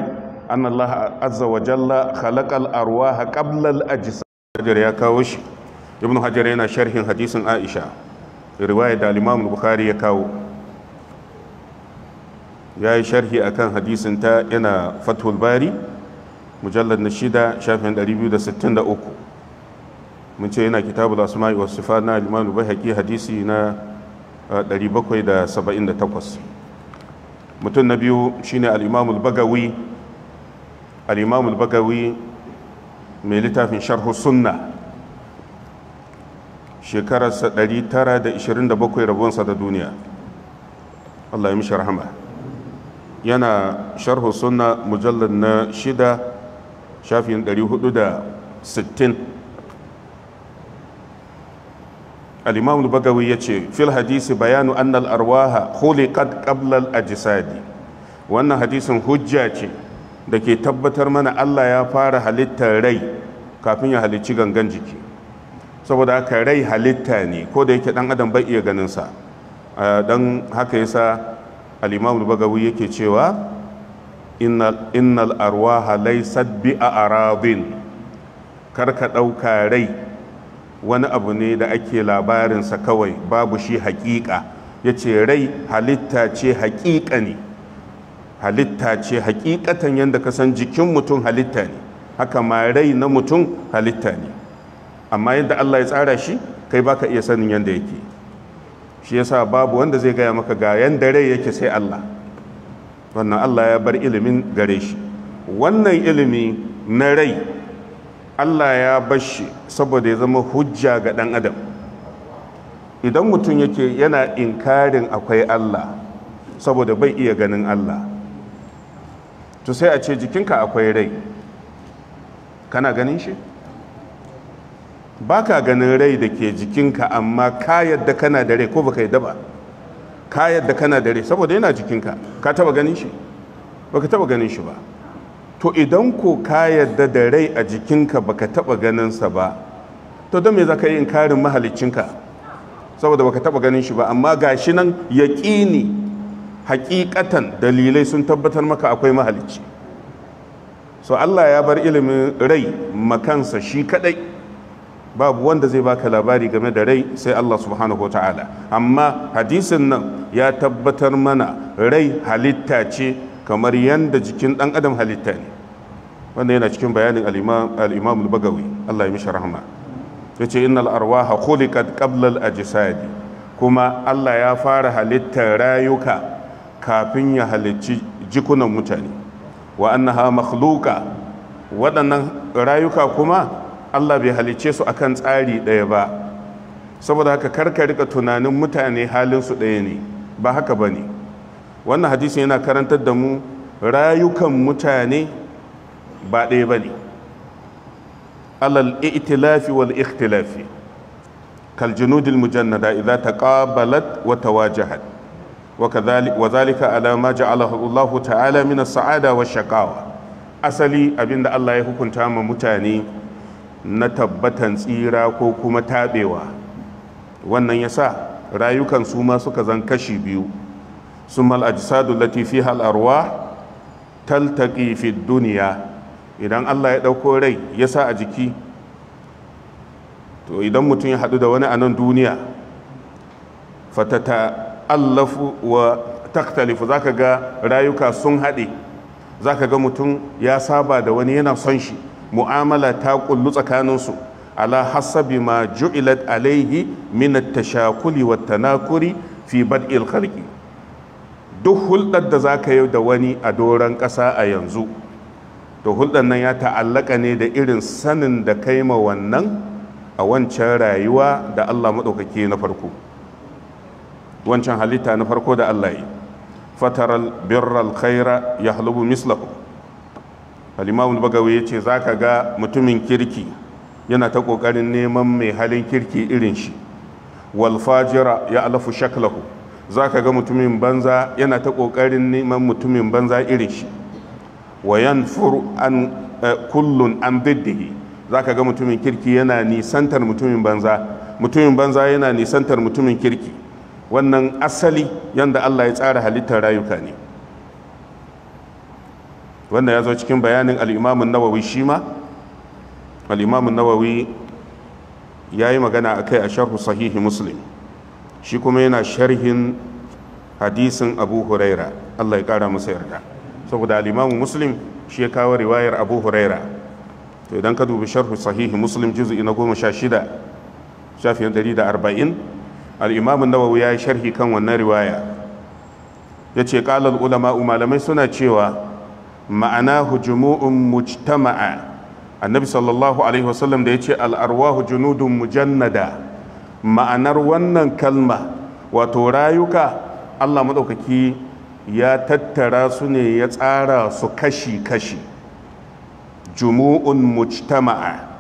Speaker 1: anna Allah azza wa jalla khalaqa al arwaha qabla al ajsad ya kawo shi ibn hajar yana sharhin hadisin aisha riwaya da limamun bukhari ya kawo ya yi sharhi akan hadisin ta yana fathul bari mujallar na shida shafin 263 mun ce yana kitabu da asma'i wasu sifa na limamun bai hadisi na 778 mutum na biyu shine al'imamul bagawi al'imamul bagawi mai littafin sharhu sunna shekararsa 927 rabonsa da duniya Allah ya mishi rahama yana sharhu sunna mujallar na shida shafin 460 al bagawi ya ce fil hadisi bayanu annal arwaha khuliqat qabla al-ajsadi wannan hadisin hujja ce da ke tabbatar mana Allah ya fara halittar rai kafin ya halicci gangan jiki saboda haka rai halitta ne ko da yake dan adam bai iya ganin sa dan haka yasa al-imam al-bagawi yake cewa innal innal arwaha laysat bi aradin karka dauka rai wani abu ne da ake labarin sa kawai babu shi hakika yace rai halitta ce hakika ne halitta ce hakikatan yanda ka san jikin mutum halitta ne haka ma rai na mutum halitta ne amma yadda Allah ya tsara shi kai baka iya sanin yadda yake shi yasa babu wanda zai gaya maka ga yadda rai yake sai Allah wannan Allah ya bar ilimin gare shi wannan ilimi na rai Allah ya bar shi saboda ya zama hujja ga ɗan adam idan mutum yake yana inkarin akwai Allah saboda bai iya ganin Allah to sai a ce jikinka akwai rai kana ganin shi ba ka ganin rai da ke jikinka amma ka yadda kana da rai ko ba ka yi daba ka yadda kana da rai saboda yana jikinka ka taba ganin shi ba ka taba ganin shi ba to idan ko ka yadda da rai a jikinka ba ka taba sa ba to don me za ka yi karin mahalicinka saboda ba ka taba ganin shi ba amma ga shi nan yaƙini hakikatan dalilai sun tabbatar maka akwai mahalicci so allah ya bar ilimin rai makansa shi kadai babu wanda zai baka labari game da rai sai Allah subhanahu ta'ala amma hadisin nan ya tabbatar mana rai halitta ce kamar yadda jikin ɗan adam halitta ne wanda yana cikin bayanin al-imam al-bagawi Allah ya mishi rahama yace innal arwaha khuliqat qabla al-ajsad kuma Allah ya fara halittar rayuka kafin ya halicci jikunan mutane wa annaha makhluqa waɗannan rayuka kuma Allah bai halice su akan tsari ɗaya ba saboda haka karka rika tunanin mutane halin su ɗaya ne ba haka ba ne wannan hadisi yana karantar da mu rayukan mutane ba ɗaya ba ne alal itilafi wal ikhtilafi kal junudil mujannada idza taqabalat wa tawajahat wa wa zalika ala ma ja'alahu Allah ta'ala min as-sa'ada wa shaqawa asali abinda Allah ya hukunta ma mutane na tabbatan tsira ko kuma taɓewa wannan ya sa rayukan su ma suka zan kashi biyu su mal'ajisadu latifi halarwa taltaki fi duniya idan allah ya ɗauko rai ya sa a jiki to idan mutum ya haɗu da wani a nan duniya fatata allafu wa taktalifu za ka ga rayuka sun haɗe za ka ga mutum ya saba da wani yana son shi mu'amala ta kullu tsakaninsu ala hasabi ma ju'ilat alaihi min at-tashakuli wat tanakuri fi bad'il khalqi duk hulɗar da za ka yi da wani a doron ƙasa a yanzu to hulɗar nan ya ta'allaka ne da irin sanin da kai ma wannan a wancan rayuwa da Allah maɗaukaki na farko wancan halitta na farko da Allah yi fataral birral khaira ya halubu mislahu al ya ce za ka ga mutumin kirki yana ta kokarin neman mai halin kirki irin shi Walfajira ya alafu shaklahu ka ga mutumin banza yana ta kokarin neman mutumin banza irin shi wa yanfur an eh, kullun an biddihi ka ga mutumin kirki yana nisantar mutumin banza mutumin banza yana nisantar mutumin kirki wannan asali yanda Allah ya tsara halittar rayuka ne wanda ya zo cikin bayanin al'imamun nawawi shi ma al'imamun nawawi ya yi magana a kai a sharhu sahihi muslim shi kuma yana sharhin hadisin abu huraira allah ya kara masa yarda saboda al'imamun muslim shi ya kawo riwayar abu huraira to idan ka dubi sharhu sahihi muslim jizu na goma sha shida shafiyan ɗari da arba'in al'imamun nawawi ya yi sharhi kan wannan riwaya ya ce kalar ulama'u malamai suna cewa ma'anahu jumu'un mujtama'a annabi sallallahu alaihi wasallam da ya ce al'arwahu junudun mujannada ma'anar wannan kalma wato rayuka Allah madaukaki ya tattara su ne ya tsara su kashi kashi jumu'un mujtama'a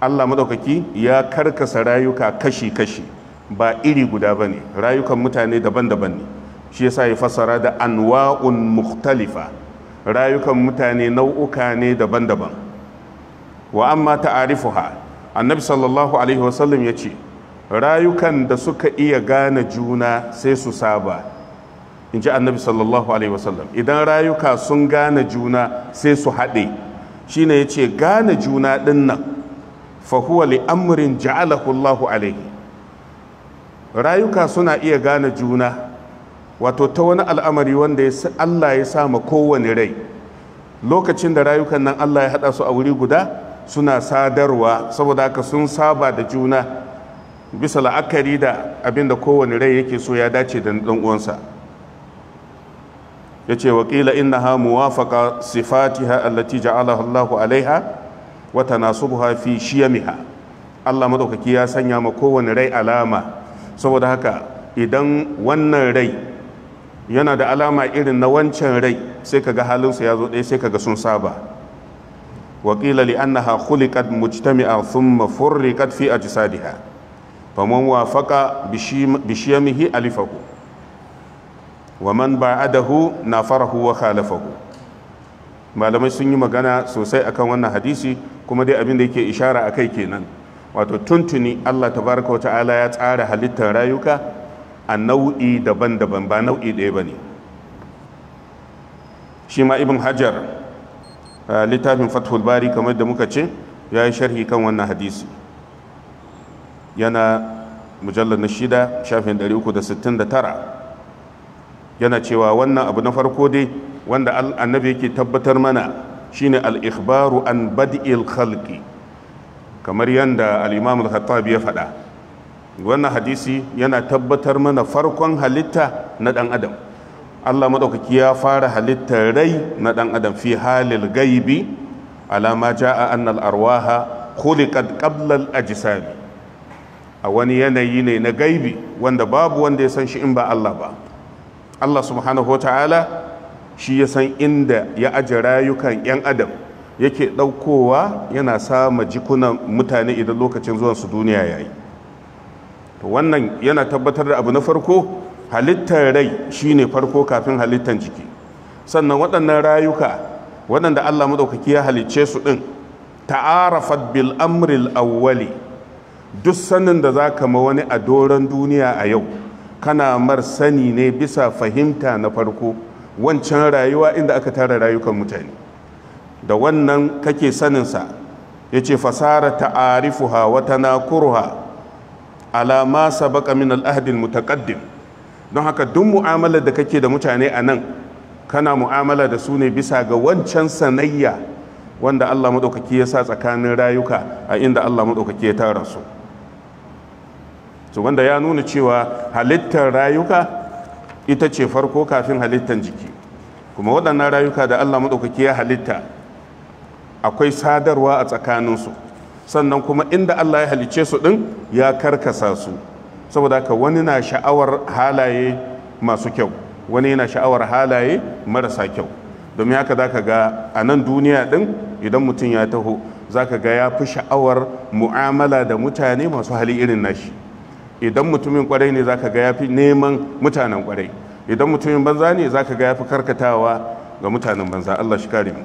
Speaker 1: Allah maɗaukaki ya karkasa rayuka kashi kashi ba iri guda ne rayukan mutane daban-daban ne shi yasa ya fassara da anwa'un muktalifa. rayukan mutane nau'uka ne daban-daban wa amma ta'arifuha annabi sallallahu alaihi wasallam ya ce rayukan da suka iya gane juna sai su saba in ji annabi sallallahu alaihi wasallam idan rayuka sun gane juna sai su haɗe shine ya ce gane juna ɗin nan fahuwa li'amurin ja'alahu alaihi rayuka suna iya gane juna wato ta wani al'amari wanda Allah ya sa ma kowane rai lokacin da rayukan nan Allah ya haɗa su a wuri guda suna sadarwa saboda haka sun saba da juna bisa la'akari da abin da kowane rai yake so ya dace da ɗan uwansa ya ce waƙila inna ha muwafaƙa sifatiha allati ja'alaha Allahu alaiha wa tanasubuha fi shiyamiha Allah madaukaki ya sanya ma kowane rai alama saboda haka idan wannan rai yana da alama irin na wancan rai sai kaga halinsa ya zo ɗaya sai kaga sun saba waƙila li annaha a sun mafurri kad fi ajsadiha faman wafaqa bishiyamihi alifahu wa man ba na fara wa khalafahu malamai sun yi magana sosai akan wannan hadisi kuma dai abin da yake ishara a kai kenan wato tuntuni Allah tabaraka wa ta'ala ya tsara halittar rayuka a nau'i daban-daban ba nau'i ɗaya ba ne shi ma ibn hajar littafin fathul bari kamar da muka ce ya yi sharhi kan wannan hadisi yana mujallar na shida shafin 369 yana cewa wannan abu na farko dai wanda annabi yake tabbatar mana shine al-ikhbaru an bad'il khalqi kamar yadda al-imam al-khattab ya faɗa wannan hadisi yana tabbatar mana farkon halitta na ɗan adam Allah maɗaukaki ya fara halittar rai na ɗan adam fi halil gaibi alama ja'a annal arwaha khuliqat qabla al ajsam a wani yanayi ne na gaibi wanda babu wanda ya san shi in ba Allah ba Allah subhanahu wataala shi ya san inda ya aje rayukan 'yan adam yake ɗaukowa yana sama jikunan mutane idan lokacin zuwansu duniya yayi wannan yana tabbatar da abu na farko halittar rai shine farko kafin halittar jiki sannan waɗannan rayuka waɗanda Allah maɗaukaki ya halicce su ɗin ta'arafat bil amril awwali duk sanin da za ka ma wani a doron duniya a yau kana mar sani ne bisa fahimta na farko wancan rayuwa inda aka tara rayukan mutane da wannan kake saninsa ya ce fasara ta'arifuha na kurha ala ma sabaqa min al'ahadin ahd don haka duk mu'amalar da kake da mutane a nan kana mu'amala da su ne bisa ga wancan sanayya wanda Allah maɗaukaki ya sa tsakanin rayuka a inda Allah maɗaukaki ya tara su wanda ya nuna cewa halittar rayuka ita ce farko kafin halittar jiki kuma waɗannan rayuka da Allah maɗaukaki ya halitta akwai sadarwa a tsakaninsu sannan kuma inda Allah ya halice su ɗin ya karkasa su saboda haka wani na sha'awar halaye masu kyau wani yana sha'awar halaye marasa kyau domin haka za ka ga a nan duniya ɗin idan mutum ya taho za ka ga ya fi sha'awar mu'amala da mutane masu hali irin nashi idan mutumin kwarai ne za ka ga ya fi neman mutanen kwarai idan mutumin banza ne za ka ga ya fi karkatawa ga mutanen banza Allah shi kare mu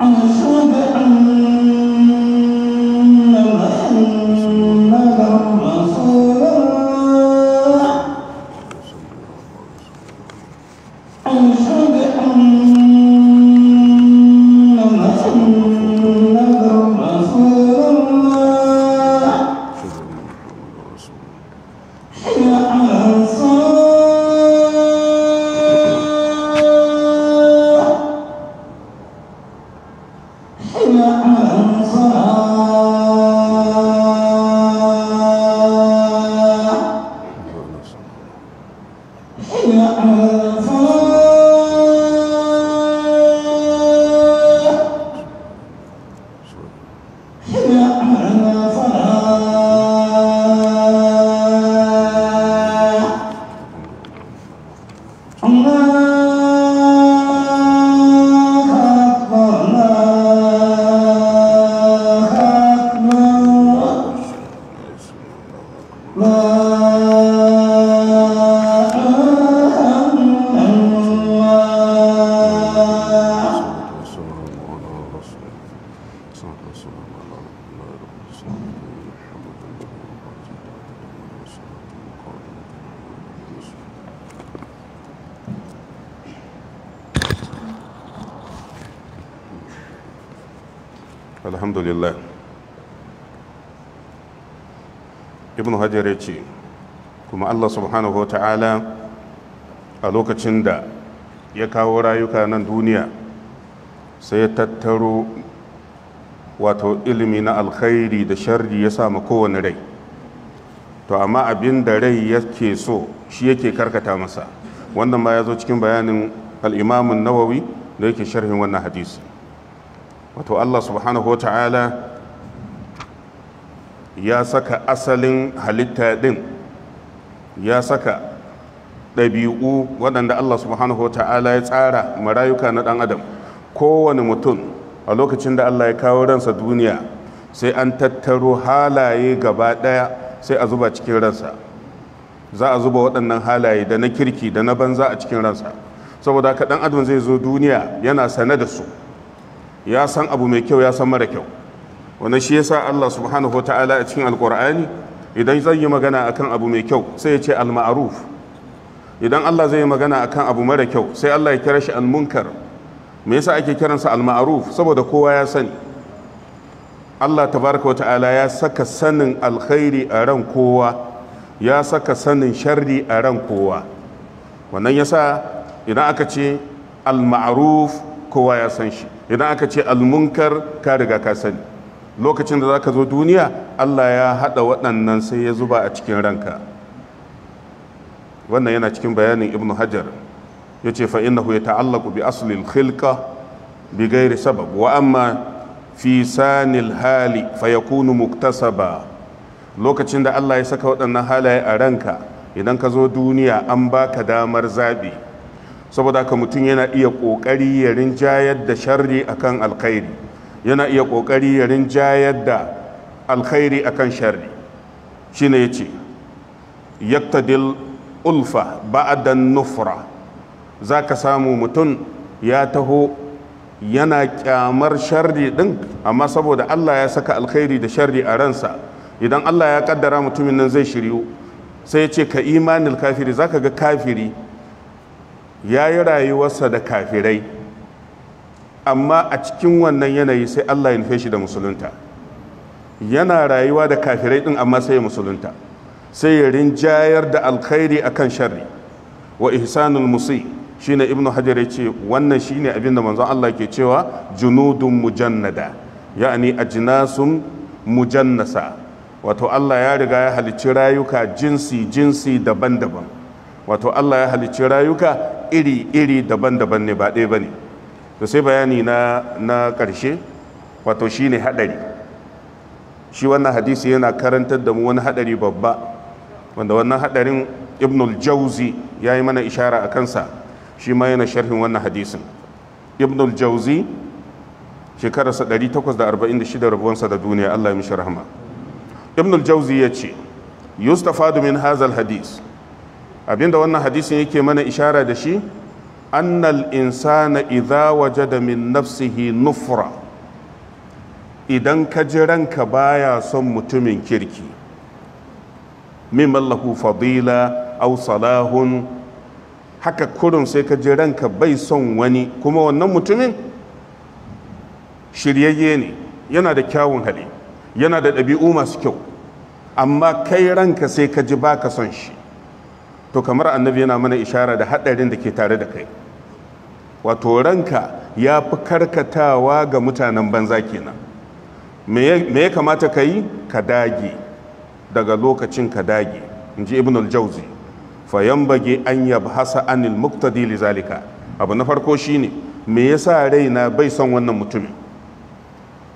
Speaker 1: Anjo. hujjar ce kuma Allah subhanahu wa ta'ala a lokacin da ya kawo rayuka nan duniya sai ya tattaro wato ilimi na alkhairi da sharri ya ma kowane rai to amma abin da rai yake so shi yake karkata masa wannan ma ya zo cikin bayanin al'imamun nawawi da yake sharhin wannan hadisi wato Allah subhanahu wa ta'ala ya saka asalin halitta din ya saka ɗabi'u waɗanda Allah subhanahu ta'ala ya tsara marayuka na ɗan adam kowane mutum a lokacin da Allah ya kawo ransa duniya sai an tattaro halaye gaba ɗaya sai a zuba cikin ransa za a zuba waɗannan halaye da na kirki da na banza a cikin ransa saboda haka ɗan adam zai zo duniya yana sane da su ya san abu mai kyau ya san mara kyau wannan shi yasa Allah subhanahu ta'ala a cikin alqur'ani idan zai yi magana akan abu mai kyau sai ya ce al-ma'ruf idan Allah zai yi magana akan abu mara kyau sai Allah ya kira shi al-munkar me yasa ake kiransa al-ma'ruf saboda kowa ya sani Allah tabaraka wataala ya saka sanin alkhairi a ran kowa ya saka sanin sharri a ran kowa wannan yasa idan aka ce al-ma'ruf kowa ya san shi idan aka ce al-munkar ka riga ka sani lokacin da za ka zo duniya allah ya haɗa waɗannan sai ya zuba a cikin ranka wannan yana cikin bayanin ibn hajar ya ce fa'innahu ya ta'allaku bi asulil khilka bi gairi sabab wa amma fi sanil hali fa ya kunu muktasaba lokacin da allah ya saka waɗannan halaye a ranka idan ka zo duniya an baka damar zaɓi saboda haka mutum yana iya ƙoƙari ya rinjayar da sharri akan alkhairi yana iya ƙoƙari ya rinjayar da alkhairi akan sharri shine ya ce yaktadil ulfa ba'adan nufra za ka samu mutum ya taho yana kyamar sharri din amma saboda allah ya saka alkhairi da sharri a ransa idan allah ya kaddara mutumin nan zai shiryu sai ya ce ka imanin kafiri za ka ga kafiri ya yi rayuwarsa da kafirai amma a cikin wannan yanayi sai Allah ya nufe shi da musulunta yana rayuwa da kafirai din amma sai ya musulunta sai ya rinjayar da alkhairi akan sharri wa ihsanul musi shine ibnu hajar ya ce wannan shine abinda manzon Allah ke cewa junudun mujannada ya'ani ajnasun mujannasa wato Allah ya riga ya halicci rayuka jinsi jinsi daban-daban wato Allah ya halicci rayuka iri iri daban-daban ne ba ɗaya bane to sai bayani na na ƙarshe wato shi ne haɗari. shi wannan hadisi yana karantar da mu wani haɗari babba wanda wannan haɗarin ibnul jauzi ya yi mana ishara a kansa shi ma yana sharhin wannan hadisin ibnul jauzi shekararsa 846 rabuwansa da duniya allah ya mishi rahama ibnul jauzi ya ce yustafadu min hazal hadis abinda wannan hadisin yake mana ishara da shi annal insana idza waje da nafsihi nufra idan ka ranka baya son mutumin kirki min lahu Fabila, aw haka kurum sai bai son wani kuma wannan mutumin shiryayye ne yana da kyawun hali yana da ɗabi'u masu kyau amma kai ranka sai ka ji baka son shi to kamar annabi yana mana ishara da haɗarin da ke tare da kai wato ranka ya fi karkatawa ga mutanen banza kenan me ya kamata ka yi ka dage daga lokacin ka dage in ji ibn al-jauzi fayan bage an yabhasa anil muktadi li zalika abu na farko shine me yasa raina bai son wannan mutumin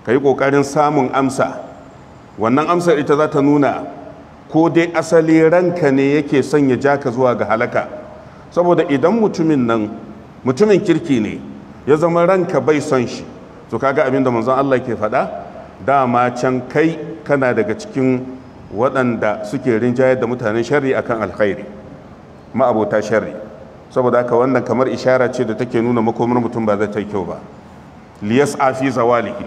Speaker 1: ka yi ƙoƙarin samun amsa wannan amsar ita za ta nuna ko dai asali ranka ne yake son ya ja ka zuwa ga halaka saboda idan mutumin nan mutumin kirki ne ya zama ranka bai son shi to kaga abin da manzon Allah ke faɗa dama can kai kana daga cikin waɗanda suke rinjayar da mutanen sharri akan alkhairi ma'abota sharri saboda haka wannan kamar ishara ce da take nuna makomar mutum ba zai ta kyau ba liyas afi zawalihi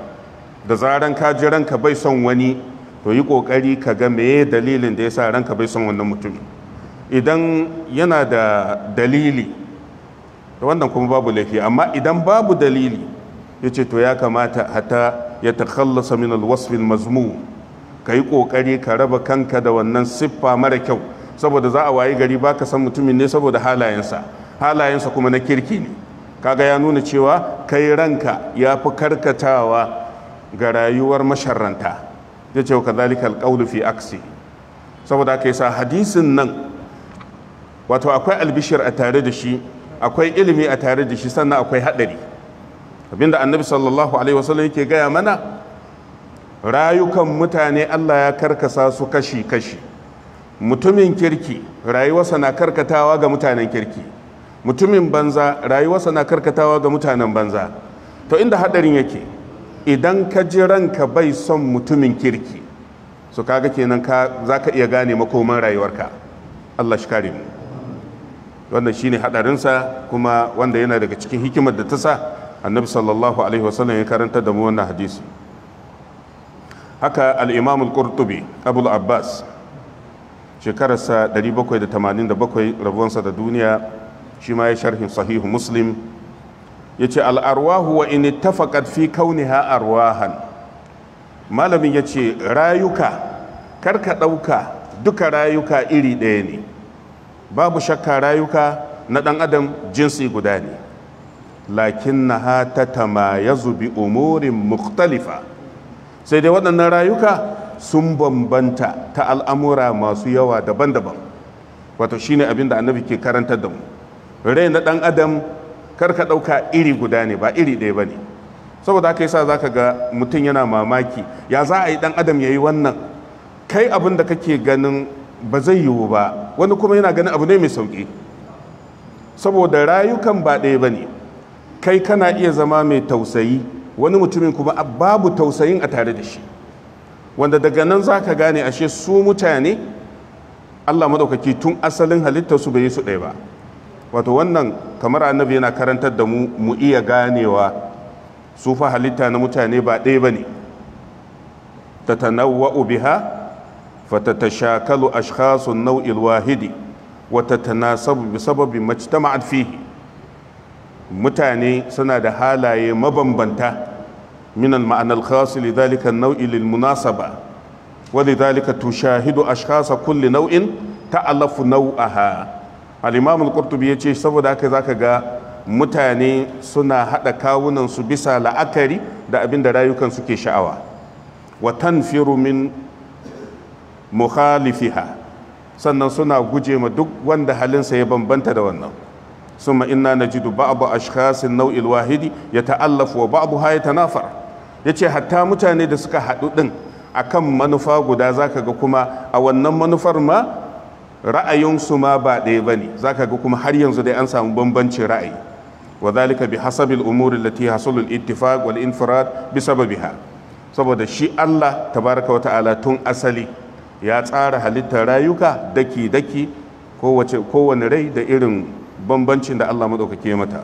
Speaker 1: da zaran ka ji ranka bai son wani to yi kokari ka ga meye dalilin da yasa ranka bai son wannan mutum idan yana da dalili da wannan kuma babu laifi amma idan babu dalili ya ce to ya kamata hata ya takhallasa min alwasf ka kai kokari ka raba kanka da wannan siffa mara kyau saboda za a wayi gari baka san mutumin ne saboda halayensa halayensa kuma na kirki ne kaga ya nuna cewa kai ranka ya fi karkatawa ga rayuwar masharranta ya ce wa kazalika alƙawlu fi aksi saboda aka yi sa hadisin nan wato akwai albishir a tare da shi akwai ilimi a tare da shi sannan akwai haɗari abinda annabi sallallahu alaihi wasallam yake gaya mana rayukan mutane allah ya karkasa su kashi-kashi mutumin kirki rayuwarsa na karkatawa ga mutanen kirki mutumin banza rayuwarsa na karkatawa ga mutanen banza to inda haɗarin yake idan ka ji ranka bai son mutumin kirki su kaga kenan za ka iya gane makoman rayuwarka allah shi kare mu wannan shine hadarinsa kuma wanda yana daga cikin hikimar da ta sa annabi sallallahu alaihi wasallam ya karanta da mu wannan hadisi haka al-imam al-qurtubi abul abbas shekararsa 787 rabuwansa da duniya shi ma ya sharhin sahihu muslim ya ce al'arwahu wa in tafaqat fi kauniha arwahan malamin ya ce rayuka karka ɗauka duka rayuka iri ɗaya ne babu shakka rayuka na ɗan adam jinsi guda ne lakin na ta tama ya zubi umurin muktalifa sai dai waɗannan rayuka sun bambanta ta al'amura masu yawa daban-daban wato shine abin da annabi ke karantar da mu rai na ɗan adam karka ɗauka iri guda ne ba iri ɗaya ba ne saboda haka yasa ka ga mutum yana mamaki ya za a yi ɗan adam ya yi wannan kai abin da kake ganin ba zai yiwu ba wani kuma yana ganin abu ne mai sauƙi saboda rayukan ba ɗaya ba ne kai kana iya zama mai tausayi wani mutumin kuma babu tausayin a tare da shi wanda daga nan za ka gane ashe su mutane allah maɗaukaki tun asalin halittar su bai yi su ɗaya ba wato wannan kamar annabi yana karantar da mu mu iya ganewa su fa halitta na mutane ba ɗaya ba ne ta tatanawwa'u biha fatatashakalu sha kalu ashikasun nau'in wahidi, watatta na sababi mace ta macan fihi. Mutane suna da halaye mabambanta minan ma'anar kasu da dalikan nau'in munasa ba, wani dalika tu shahidu ashikasa kulle nau'in ta alafu nau'aha. Alimamin Likurtubi ya ce saboda haka zaka ga, mutane suna haɗa kawunan su bisa la'akari da abinda rayukansu ke sha'awa. Watan firumin. mukhalifiha sannan suna guje ma duk wanda halinsa ya bambanta da wannan suma inna najidu ba'du ashkhasin nau'il wahidi ta'allafu wa ba'daha yatanafar yace hatta mutane da suka haɗu a akan manufa guda zaka ga kuma a wannan manufar ma ra'ayinsu ma ba ɗaya bane zaka ga kuma har yanzu dai an samu bambancin ra'ayi wa zalika bi hasabil umuri allati hasulul ittifaq wal infirad bi sababiha saboda shi Allah tabaraka wa ta'ala tun asali ya tsara halittar rayuka daki-daki kowane rai da irin bambancin da Allah maɗaukake mata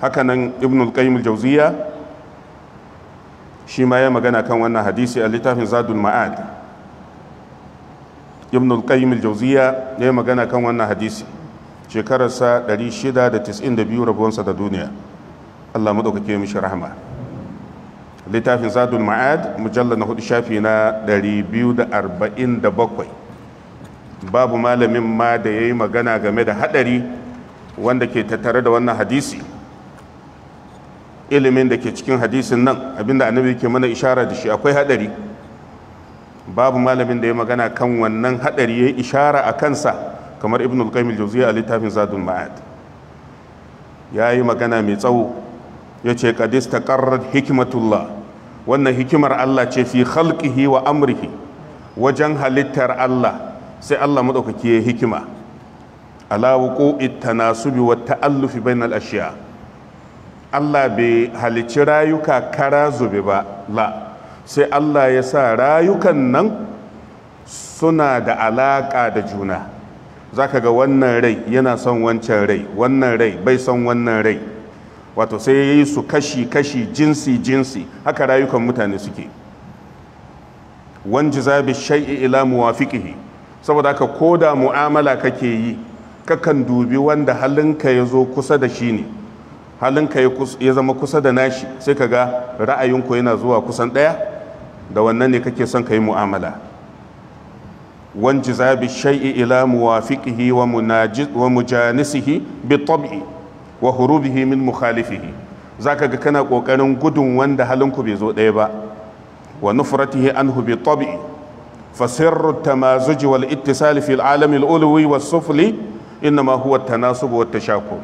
Speaker 1: hakanan ibn al-qayyim al-jawziya shi ma ya magana kan wannan hadisi a littafin zadul ma'ad ibn al-qayyim al-jawziya ya magana kan wannan hadisi shekararsa 692 rabuwansa da duniya Allah maɗaukake mishi rahama littafin zadul ma'ad mujallar na hudu shafi na 247 babu malamin ma da ya yi magana game da hadari wanda ke tattare da wannan hadisi ilimin da ke cikin hadisin nan abinda annabi ke mana ishara da shi akwai hadari babu malamin da ya magana kan wannan hadari ya yi ishara a kansa kamar ibn al-qayyim a littafin zadul ma'ad ya yi magana mai tsawo ya ce kadis hikimatullah wannan hikimar Allah ce fi khalqihi wa amrihi wajen halittar Allah sai Allah madaukaki ya hikima ala wuqu'it tanasubi wa ta'allufi bainal ashiya Allah bai halicci rayuka kara zube ba la sai Allah ya sa rayukan nan suna da alaka da juna zaka ga wannan rai yana son wancan rai wannan rai bai son wannan rai wato sai ya yi su kashi-kashi jinsi-jinsi haka rayukan mutane suke wani zabi shai'i ila muwafiqihi saboda haka ko da mu'amala kake yi kakan dubi wanda halinka ya zo kusa da shi ne halinka ya zama kusa da nashi sai ka ga ra'ayinku yana zuwa kusan ɗaya da wannan ne kake son ka yi mu'amala wani zabi shai'i ila muwafiqihi wa mujanisihi bi tab'i wa hurubihi min mukhalifihi zaka ga kana kokarin gudun wanda halinku bai zo ɗaya ba wa nufratihi anhu bi tabi'i فسر التمازج والاتصال في العالم الأولوي والسفلي إنما هو التناسب والتشاكل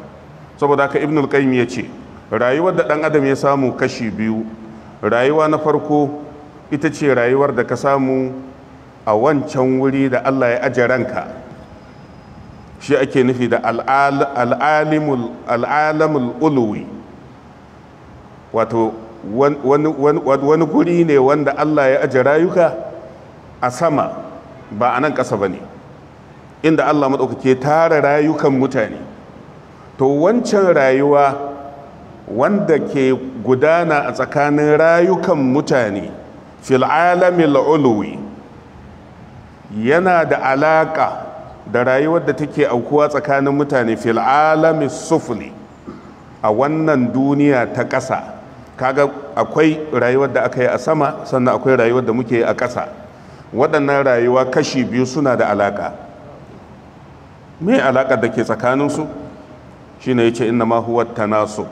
Speaker 1: saboda haka ibn al-qayyim yace rayuwar da dan adam ya samu kashi biyu rayuwa na farko ita ce rayuwar da ka samu a wancan wuri da Allah ya aje ranka shi ake nufi da al'alamul ulwi wato wani guri ne wanda Allah ya aji rayuka a sama ba a nan ƙasa ba ne inda Allah maɗaukake tara rayukan mutane to wancan rayuwa wanda ke gudana a tsakanin rayukan mutane fil alamil ulwi yana da alaƙa da rayuwar da take aukuwa tsakanin mutane fil alami sufuli a wannan duniya ta ƙasa kaga akwai rayuwar da aka yi a sama sannan akwai rayuwar da muke yi a ƙasa waɗannan rayuwa kashi biyu suna da alaƙa mai alaƙar da ke tsakaninsu shi ne ya ce inna ma huwa naso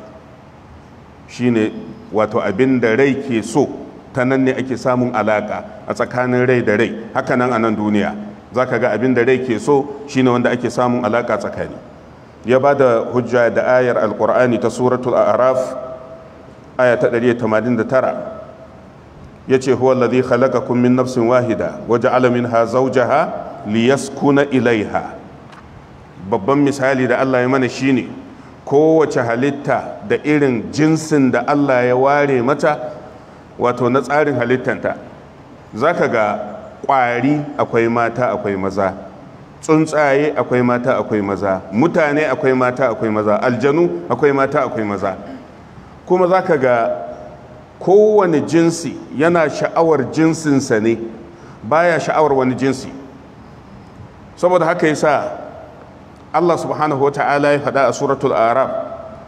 Speaker 1: shi ne wato abin da rai ke so ta nan ne ake samun alaƙa a tsakanin rai da rai hakanan a nan duniya za ka ga abin da rai ke so shine wanda ake samun alaka tsakani ya ba da hujja da ayar alkur'ani ta suratul araf aya ta 189 ya ce huwa alladhi khalaqakum min nafsin wahida wa ja'ala minha zawjaha liyaskuna ilaiha babban misali da Allah ya mana shine kowace halitta da irin jinsin da Allah ya ware mata wato na tsarin halittanta zaka ga ƙwari akwai mata akwai maza tsuntsaye akwai mata akwai maza mutane akwai mata akwai maza aljanu akwai mata akwai maza kuma za ka ga kowane jinsi yana sha'awar jinsinsa ne baya sha'awar wani jinsi saboda haka yasa Allah subhanahu wa ta'ala ya faɗa a suratul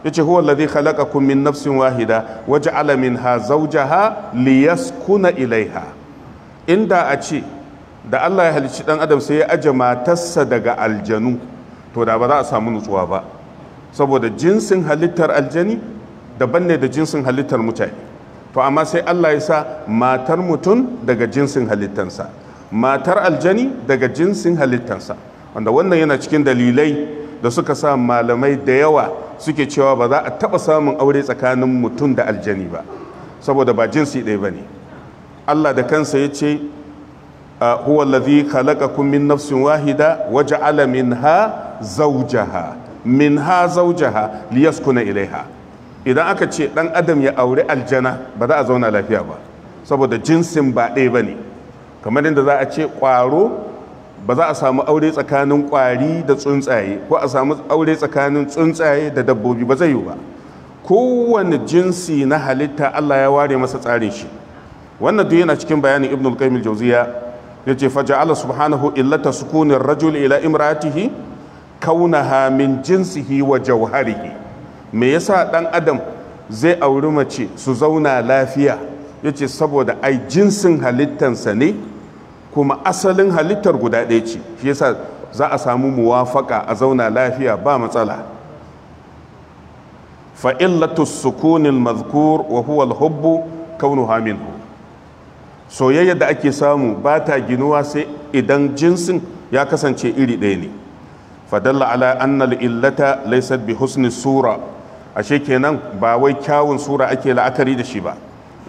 Speaker 1: ya ce huwa alladhi khalaqakum min nafsin wahida waja'ala minha zawjaha liyaskuna ilaiha inda a ce da Allah ya halicci dan adam sai ya aje matarsa daga aljanu to da ba za a samu nutsuwa ba saboda jinsin halittar aljani daban ne da jinsin halittar mutane to amma sai Allah ya sa matar mutum daga jinsin halittarsa. matar aljani daga jinsin halittarsa. wanda wannan yana cikin dalilai da suka sa malamai da yawa suke cewa ba za a taɓa samun aure tsakanin mutum da aljani ba saboda ba jinsi ɗaya ba ne Allah da kansa ya ce huwa alladhi khalaqakum min nafsin wahida ha, minha zawjaha Liyasku na liyaskuna ilaiha idan aka ce ɗan adam ya auri aljana ba za a zauna lafiya ba saboda jinsin ba ɗaya ba ne. kamar inda za a ce ƙwaro ba za a samu aure tsakanin ƙwari da tsuntsaye ko a samu aure tsakanin tsuntsaye da dabbobi ba zai yi ba kowane jinsi na halitta Allah ya ware masa tsarin shi wannan duk yana cikin bayanin ibn al-qayyim al-jawziya yace fa ja'ala subhanahu illata sukunir rajul ila imratihi kaunaha min jinsihi wa jawharihi me yasa dan adam zai auri mace su zauna lafiya yace saboda ai jinsin halittansa ne kuma asalin halittar guda ɗaya ce shi yasa za a samu muwafaka a zauna lafiya ba matsala fa illatu sukunil mazkur wa huwa al-hubbu kaunuha minhu soyayyar da ake samu ba ta ginuwa sai idan jinsin ya kasance iri ɗaya ne fadalla ala annal illata laysat bi husni sura ashe kenan ba wai kyawun sura ake la'akari da shi ba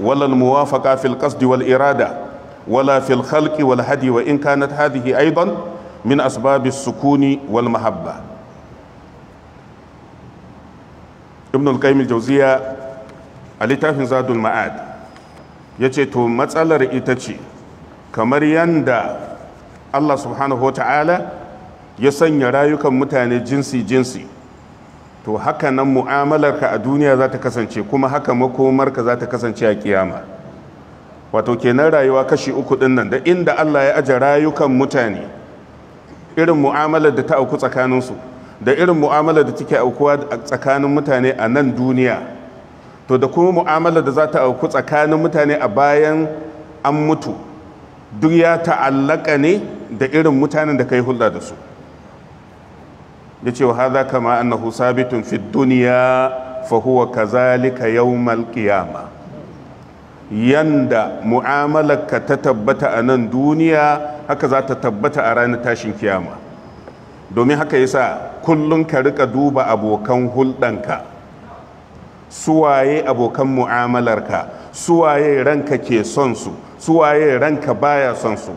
Speaker 1: walal muwafaqa fil qasdi wal irada wala fil khalqi wal hadi wa in kanat hadhihi aidan min asbabi sukuni wal mahabba ibn al-qayyim al-jawziya a littafin zadul ma'ad ya ce to matsalar ita ce kamar yadda allah subhanahu ta'ala ya sanya rayukan mutane jinsi-jinsi to haka nan mu'amalarka a duniya za ta kasance kuma haka makomarka za ta kasance a kiyama wato kenan rayuwa kashi uku din nan da inda allah ya aje rayukan mutane irin mu'amalar da ta auku tsakaninsu da irin mu'amalar da take aukuwa tsakanin mutane a nan duniya to da kuma mu'amalar da za ta auku tsakanin mutane a bayan an mutu duk ya ta'allaka ne da irin mutanen da ka yi hulɗa da su ya ce wa haza kama annahu sabitun fi duniya fa huwa kazalika yawmal qiyama yanda mu'amalarka ta tabbata a nan duniya haka za ta tabbata a ranar tashin kiyama domin haka yasa kullum ka rika duba abokan hulɗanka suwaye abokan mu'amalarka suwaye ranka ke son su suwaye ranka baya son su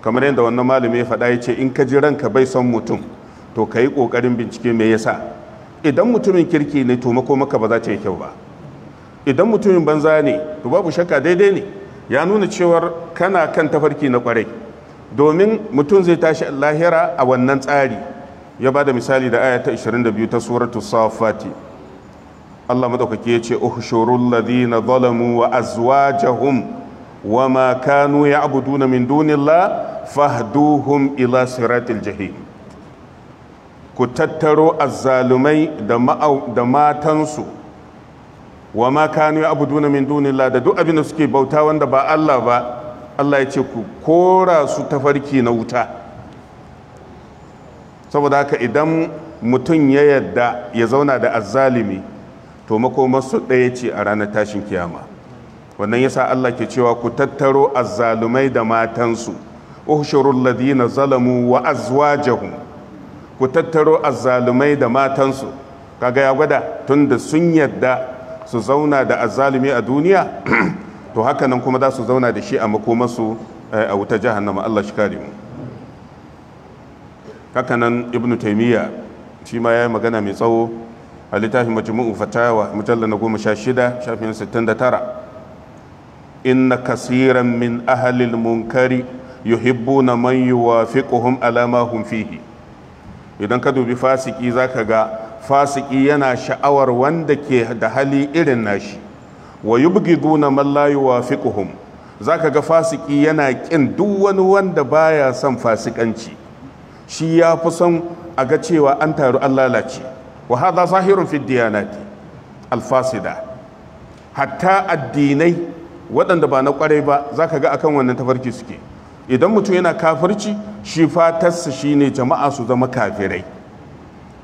Speaker 1: kamar yadda wannan malami ya faɗa ya ce in ka ji ranka bai son mutum to ka yi ƙoƙarin bincike me yasa idan mutumin kirki ne to mako maka ba za ta yi kyau ba idan mutumin banza ne to babu shakka daidai ne ya nuna cewar kana kan tafarki na kwarai domin mutum zai tashi lahira a wannan tsari ya ba da misali da ayata 22 ta suratul safati Allah madaukake ya ce uhshurul ladina zalamu wa azwajahum wa ma kanu ya'buduna min dunillah fahduhum ila siratil jahim ku tattaro azzalumai da matansu wa ma kanu ya'buduna min dunillah da duk abin da suke bauta wanda ba Allah ba Allah ya ce ku kora su tafarki na wuta saboda haka idan mutum ya yadda ya zauna da azzalimi to makomarsu ɗaya ce a ranar tashin kiyama wannan yasa Allah ke cewa ku tattaro azzalumai da matansu uhshurul ladina zalamu wa azwajahum ku tattaro azzalumai da matansu kaga ya gwada tunda sun yadda su zauna da azzalumi a duniya to haka nan kuma za su zauna da shi a makomarsu eh, a wuta jahannama Allah shi kare mu haka nan ibnu taymiya shi ma yayi magana mai tsawo a littafin majmu'u fatawa mujallar na goma sha shida shafin sittin da tara inna kasiran min ahalil munkari yuhibbuna man yuwafiquhum ala alama hun fihi idan ka dubi fasiki za ka ga fasiki yana sha'awar wanda ke da hali irin nashi wa yubghiduna man la za ka ga fasiki yana ƙin duk wani wanda baya son fasikanci shi ya fi son a ga cewa an taru an lalace wa hadha zahirun fi diyanati alfasida hatta addinai waɗanda ba na kwarai ba zaka ga akan wannan tafarki suke idan mutum yana kafirci shi fatarsa shine jama'a su zama kafirai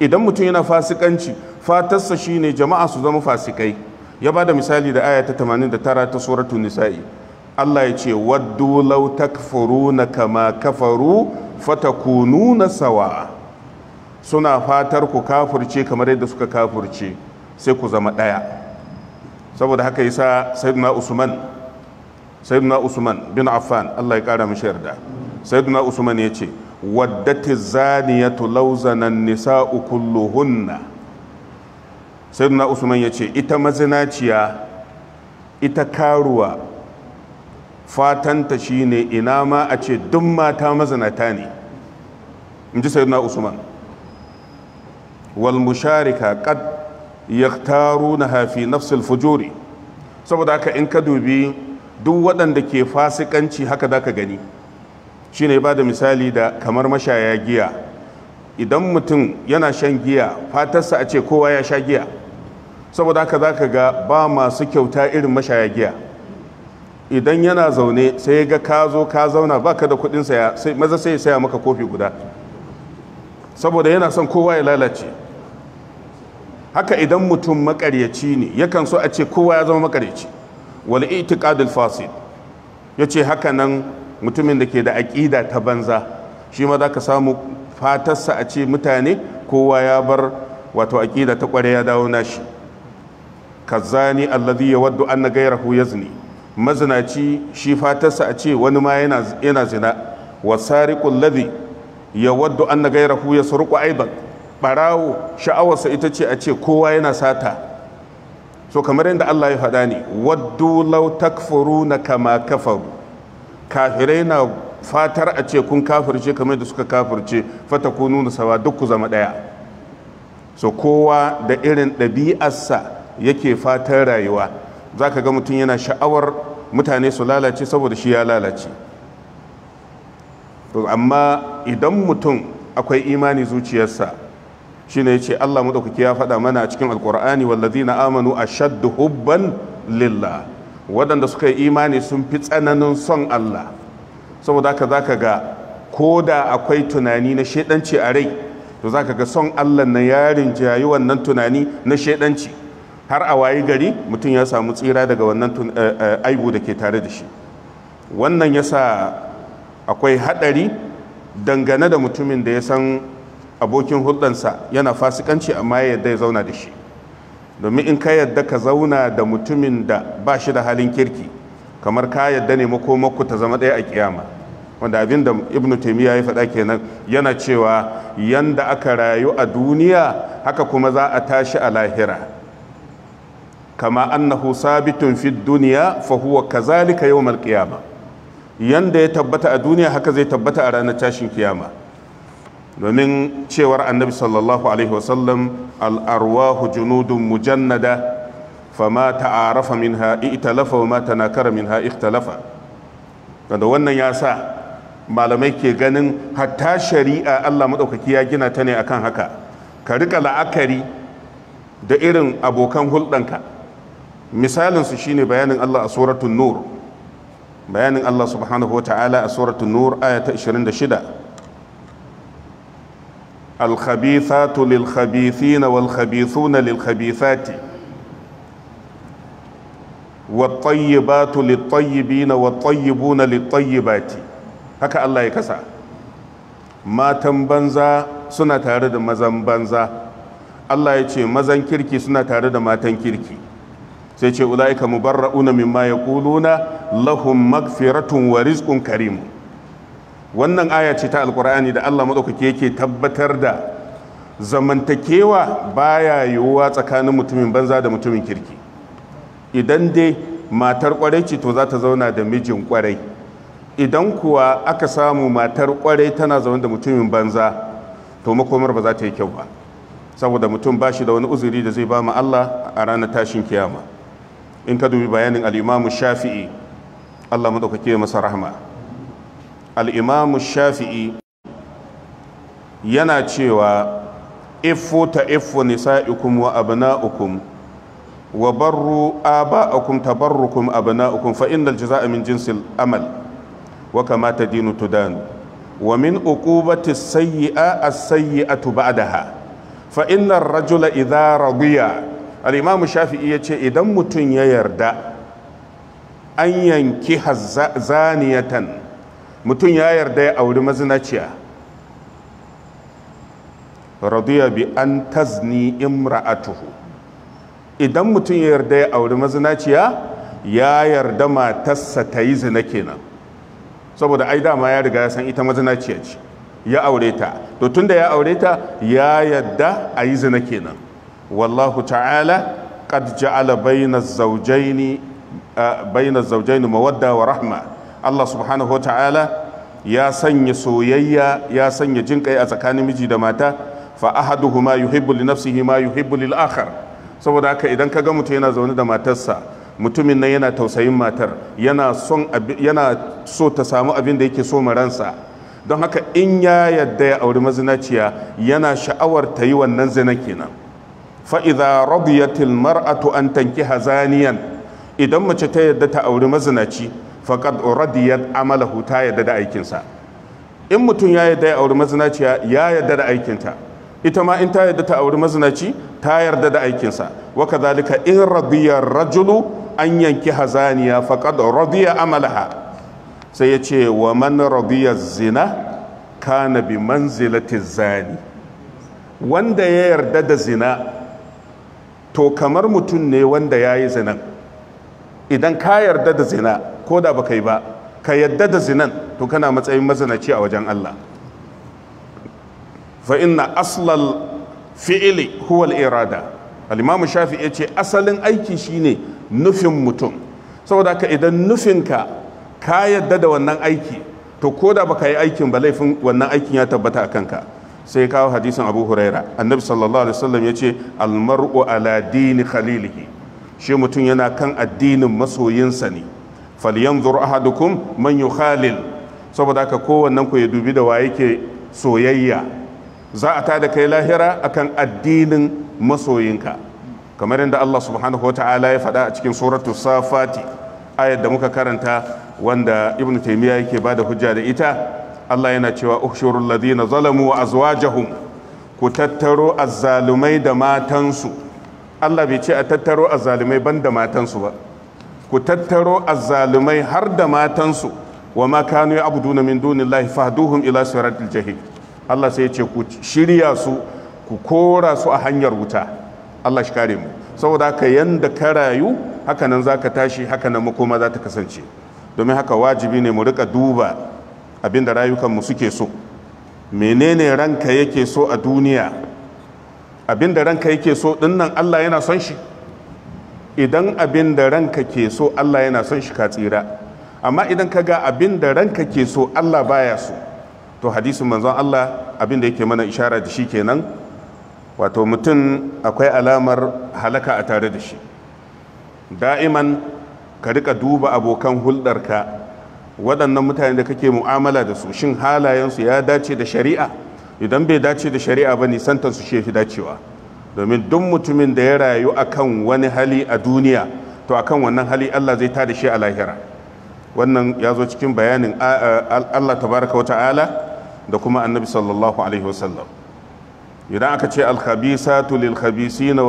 Speaker 1: idan mutum yana fasikanci fatarsa shine jama'a su zama fasikai ya ba da misali da aya ta 89 ta suratul nisa'i Allah ya ce waddu law takfuruna kama kafaru na sawa. suna fatar ku kafurce kamar yadda suka kafurce sai ku zama ɗaya saboda haka yasa sayyiduna usman sayyiduna usman bin affan Allah ya kara mishi yarda sayyiduna usman ya ce waddati zaniyatu lauzanan nisa'u kulluhunna sayyiduna usman ya ce ita mazinaciya ita karuwa fatanta shine ina ma a ce duk mata mazinata ne in ji sayyiduna usman wal musharika na na hafi nafsul fujuri saboda haka in ka dubi duk waɗanda ke fasikanci haka ka gani shine ba da misali da kamar mashaya giya idan mutum yana shan giya fatarsa a ce kowa ya sha giya saboda haka za ka ga ba masu kyauta irin mashaya giya idan yana zaune sai ga ka zo ka zauna baka da kudin saya maza sai ya saya maka kofi guda saboda yana son kowa ya lalace haka idan mutum makaryaci ne yakan so a ce kowa ya zama makaryaci wal itiqadul fasid yace haka nan mutumin da ke da aqida ta banza shi ma zaka samu fatarsa a ce mutane kowa ya bar wato aqida ta kware ya dawo nashi kazani alladhi yawaddu anna ghayrahu yazni mazinaci shi fatarsa a ce wani ma yana yana zina wasariqul ladhi yawaddu anna ghayrahu yasruqu aidan barawo sha'awarsa ita ce a ce kowa yana sata so kamar yadda Allah ya faɗa ne waddu law na kama kafaru kafirai na fatar a ce kun kafirce kamar da suka kafirce fata ko nuna sawa duk ku zama ɗaya so kowa da irin ɗabi'arsa yake fatan rayuwa za ka ga mutum yana sha'awar mutane su lalace saboda shi ya lalace amma idan mutum akwai imani zuciyarsa shine ce Allah madaukaki ya faɗa mana a cikin wallazi na amanu shaddu hubban lilla. waɗanda suka yi imani sun fi tsananin son Allah saboda haka ka ga ko da akwai tunani na shaidanci a rai to za ka ga son Allah na yarin jayi wannan tunani na shaidanci. har a wayi gari mutum ya samu tsira daga wannan eh, eh, aibu da ke tare da shi wannan yasa akwai haɗari dangane da mutumin da ya san abokin hulɗansa yana fasikanci amma ya yadda ya zauna da shi domin in ka yadda ka zauna da mutumin da ba shi da halin kirki kamar ka yadda ne makomakku ta zama ɗaya a kiyama wanda abin da ibn taimiyya ya faɗa kenan yana cewa yanda aka rayu a duniya haka kuma za a tashi a lahira kama annahu sabitun fi duniya fa huwa kazalika yawmal qiyama yanda ya tabbata a duniya haka zai tabbata a ranar tashin kiyama domin cewar annabi sallallahu alaihi wasallam al'arwahu junudun mujannada fama ta'arafa minha italafa wa ma tanakara minha ikhtalafa da wannan ya sa malamai ke ganin hatta shari'a Allah maɗaukaki ya gina ta ne akan haka ka rika la'akari da irin abokan hulɗanka misalinsu shine bayanin Allah a suratun nur bayanin Allah subhanahu wa ta'ala a suratun nur aya ta 26 الخبيثات للخبيثين والخبيثون للخبيثات والطيبات للطيبين والطيبون للطيبات haka Allah ya kasa matan banza suna tare da mazan banza Allah ya ce mazan kirki suna tare da matan kirki sai ce ula'ika mubarra'una mimma yaquluna lahum magfiratun wa rizqun karim wannan aya ce ta alkur'ani da allah maɗaukaki yake tabbatar da zamantakewa baya yiwuwa tsakanin mutumin banza da mutumin kirki idan dai matar kwarai ce to za ta zauna da mijin kwarai idan kuwa aka samu matar kwarai tana zaune da mutumin banza to makomar ba za ta yi kyau ba saboda mutum ba shi da wani uzuri da zai ba mu allah a ranar tashin kiyama in ka dubi bayanin al'imamu shafi'i allah maɗaukaki masa rahama al'imamu shafi'i yana cewa iffu ta iffu nisa'ikum wa abna'ukum wa barru aba'akum tabarrukum abna'ukum fa innal jazaa'a min jinsil amal wa kama tadinu tudan wa min uqubati as-sayyi'a as-sayyi'atu ba'daha fa innar rajula idha radiya shafi'i yace idan mutum ya yarda an yanki hazaniyatan mutum ya yarda ya auri mazinaciya radiya bi an tazni imra'atuhu idan mutum ya yarda ya auri mazinaciya ya yarda matarsa ta yi zina kenan saboda ai dama ya riga ya san ita mazinaciya ce ya aure ta to da ya aure ta ya yarda a yi zina kenan wallahu ta'ala qad ja'ala bayna az-zawjayn bayna mawadda wa rahma Allah subhanahu wa ta'ala ya sanya soyayya ya sanya jin kai a tsakanin miji da mata fa ahaduhuma yuhibbu li nafsihi ma yuhibbu lil akhar saboda haka idan ka ga mutum yana zaune da matarsa mutumin nan yana tausayin matar yana son yana so ta samu abin da yake so ransa don haka in ya yadda ya auri mazinaciya yana sha'awar ta yi wannan zina kenan fa idza radiyatil mar'atu an tankiha zaniyan idan mace ta yadda ta auri mazinaci faqad radiyat amalahu ta yadda da aikinsa in mutum ya yadda ya auri mazinaciya ya yadda da aikinta ita ma in ta yadda ta auri mazinaci ta yarda da aikinsa wa kadhalika in radiya rajulu an yanki hazaniya faqad radiya amalaha sai ya ce wa man radiya zina kana bi manzilati zani wanda ya yarda da zina to kamar mutum ne wanda ya yi zinan idan ka yarda da zina ko da baka yi ba ka yadda da zinan to kana matsayin mazanaci a wajen Allah fa inna aslal fi'ili huwal irada al-imam shafi ya ce asalin aiki shine nufin mutum saboda ka idan nufinka ka yadda da wannan aiki to ko da baka yi aikin ba laifin wannan aikin ya tabbata a kanka sai kawo hadisin abu huraira annabi sallallahu alaihi wasallam ya ce almar'u ala dini khalilihi shi mutum yana kan addinin masoyinsa ne falyanzur ahadukum man yukhalil saboda haka kowannen ku ya dubi da wa yake soyayya za a tada kai lahira akan addinin masoyinka kamar yadda Allah subhanahu wata'ala ya faɗa a cikin suratu safati ayar da muka karanta wanda ibnu taymiya yake bada hujja da ita Allah yana cewa uhshurul ladina zalamu wa azwajahum ku tattaro azzalumai da matansu Allah bai ce a tattaro azzalumai ban da matansu ba ku tattaro azzalumai har da matansu wa ma abu ya'buduna min dunillahi fahduhum ila siratil jahim Allah sai ya ce ku shirya su ku kora su a hanyar wuta Allah shi kare mu saboda haka yanda ka rayu haka nan zaka tashi hakanan nan makoma za ta kasance domin haka wajibi ne mu rika duba abinda rayukan mu suke so menene ranka yake so a duniya abinda ranka yake so dinnan Allah yana son shi idan abin da ranka ke so Allah yana son shi ka tsira amma idan ka ga abin da ranka ke so Allah baya so to hadisin manzon Allah abin da yake mana ishara da shi kenan wato mutum akwai alamar halaka a tare da shi da'iman ka rika duba abokan hulɗarka waɗannan mutane da kake mu'amala da su shin halayensu ya dace da shari'a idan bai dace da shari'a ba nisantansu shi ya fi dacewa domin duk mutumin da ya rayu akan wani hali a duniya to akan wannan hali Allah zai tada shi a lahira wannan ya zo cikin bayanin Allah tabaraka wa ta'ala da kuma annabi sallallahu alaihi wasallam idan aka ce alkhabisatu lilkhabisina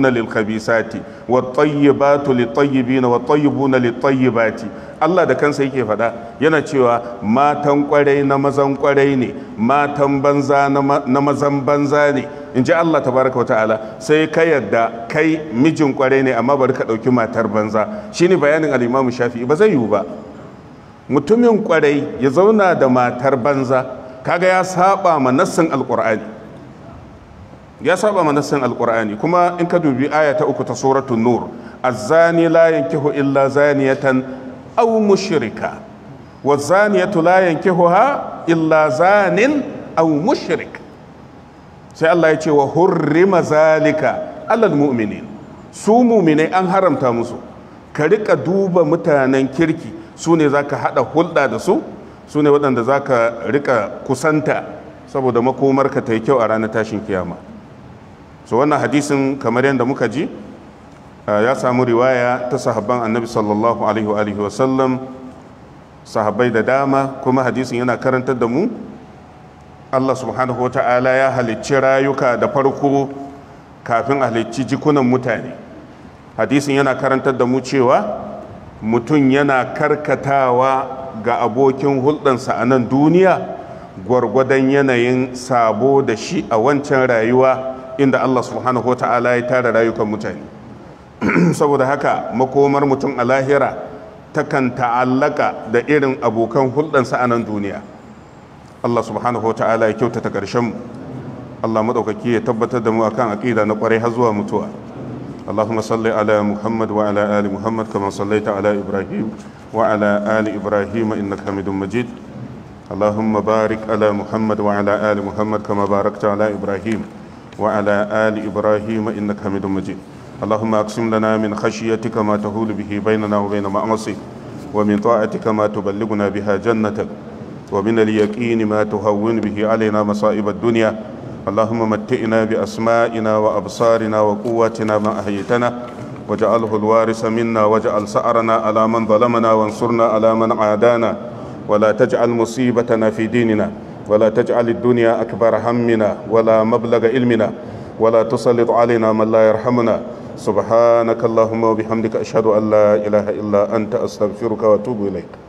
Speaker 1: na lilkhabisati wattayyibatu litayyibina wattayyibuna litayyibati Allah da kansa yake faɗa yana cewa matan ƙwarai na mazan ƙwarai ne matan banza na mazan banza ne in ji Allah baraka wa ta'ala sai ka yadda kai mijin kwarai ne amma bari ka ɗauki matar banza shine bayanin Alimami Shafi, ba zai yiwu ba mutumin kwarai ya zauna da matar banza kaga ya saba ma nassin Alƙur'ani. ya saba manassan alkur'ani kuma in ka dubi aya ta uku ta suratul nur azzani la yankihu illa zaniyatan aw mushrika wa zaniyatu la ha illa zanin aw mushrik sai Allah ya ce wa hurrima zalika alal mu'minin su mu'minai an haramta musu ka rika duba mutanen kirki su ne za ka haɗa hulɗa da su su ne waɗanda za ka rika kusanta saboda makomarka ta yi kyau a ranar tashin kiyama so wannan hadisin kamar yadda muka ji uh, ya samu riwaya ta sahabban annabi sallallahu alaihi wa alihi sahabbai da dama kuma hadisin yana karantar da mu Allah subhanahu wa ta'ala ya halicci rayuka da farko kafin a halicci jikunan mutane hadisin yana karantar da mu cewa mutum yana karkatawa ga abokin hulɗansa a nan duniya gwargwadon yanayin sabo da shi a wancan rayuwa inda Allah subhanahu wa ta'ala ya tara rayukan mutane saboda haka makomar mutum a lahira takan ta'allaka da irin abokan hulɗansa a nan duniya Allah subhanahu wa ta'ala ya kyautata ƙarshen Allah maɗaukaki ya tabbatar da mu akan aƙida na ƙwarai har zuwa mutuwa اللهم صل على محمد وعلى آل محمد كما صليت على إبراهيم وعلى آل إبراهيم إنك حميد مجيد اللهم بارك على محمد وعلى آل محمد كما باركت على إبراهيم وعلى آل إبراهيم إنك حميد مجيد اللهم أقسم لنا من خشيتك ما تهول به بيننا وبين معاصيك ومن طاعتك ما تبلغنا بها جنتك ومن اليقين ما تهون به علينا مصائب الدنيا اللهم متئنا بأسمائنا وأبصارنا وقواتنا ما أهيتنا وجعله الوارث منا وجعل سأرنا على من ظلمنا وانصرنا على من عادانا ولا تجعل مصيبتنا في ديننا ولا تجعل الدنيا أكبر همنا ولا مبلغ علمنا ولا تسلط علينا من لا يرحمنا سبحانك اللهم وبحمدك أشهد أن لا إله إلا أنت أستغفرك وأتوب إليك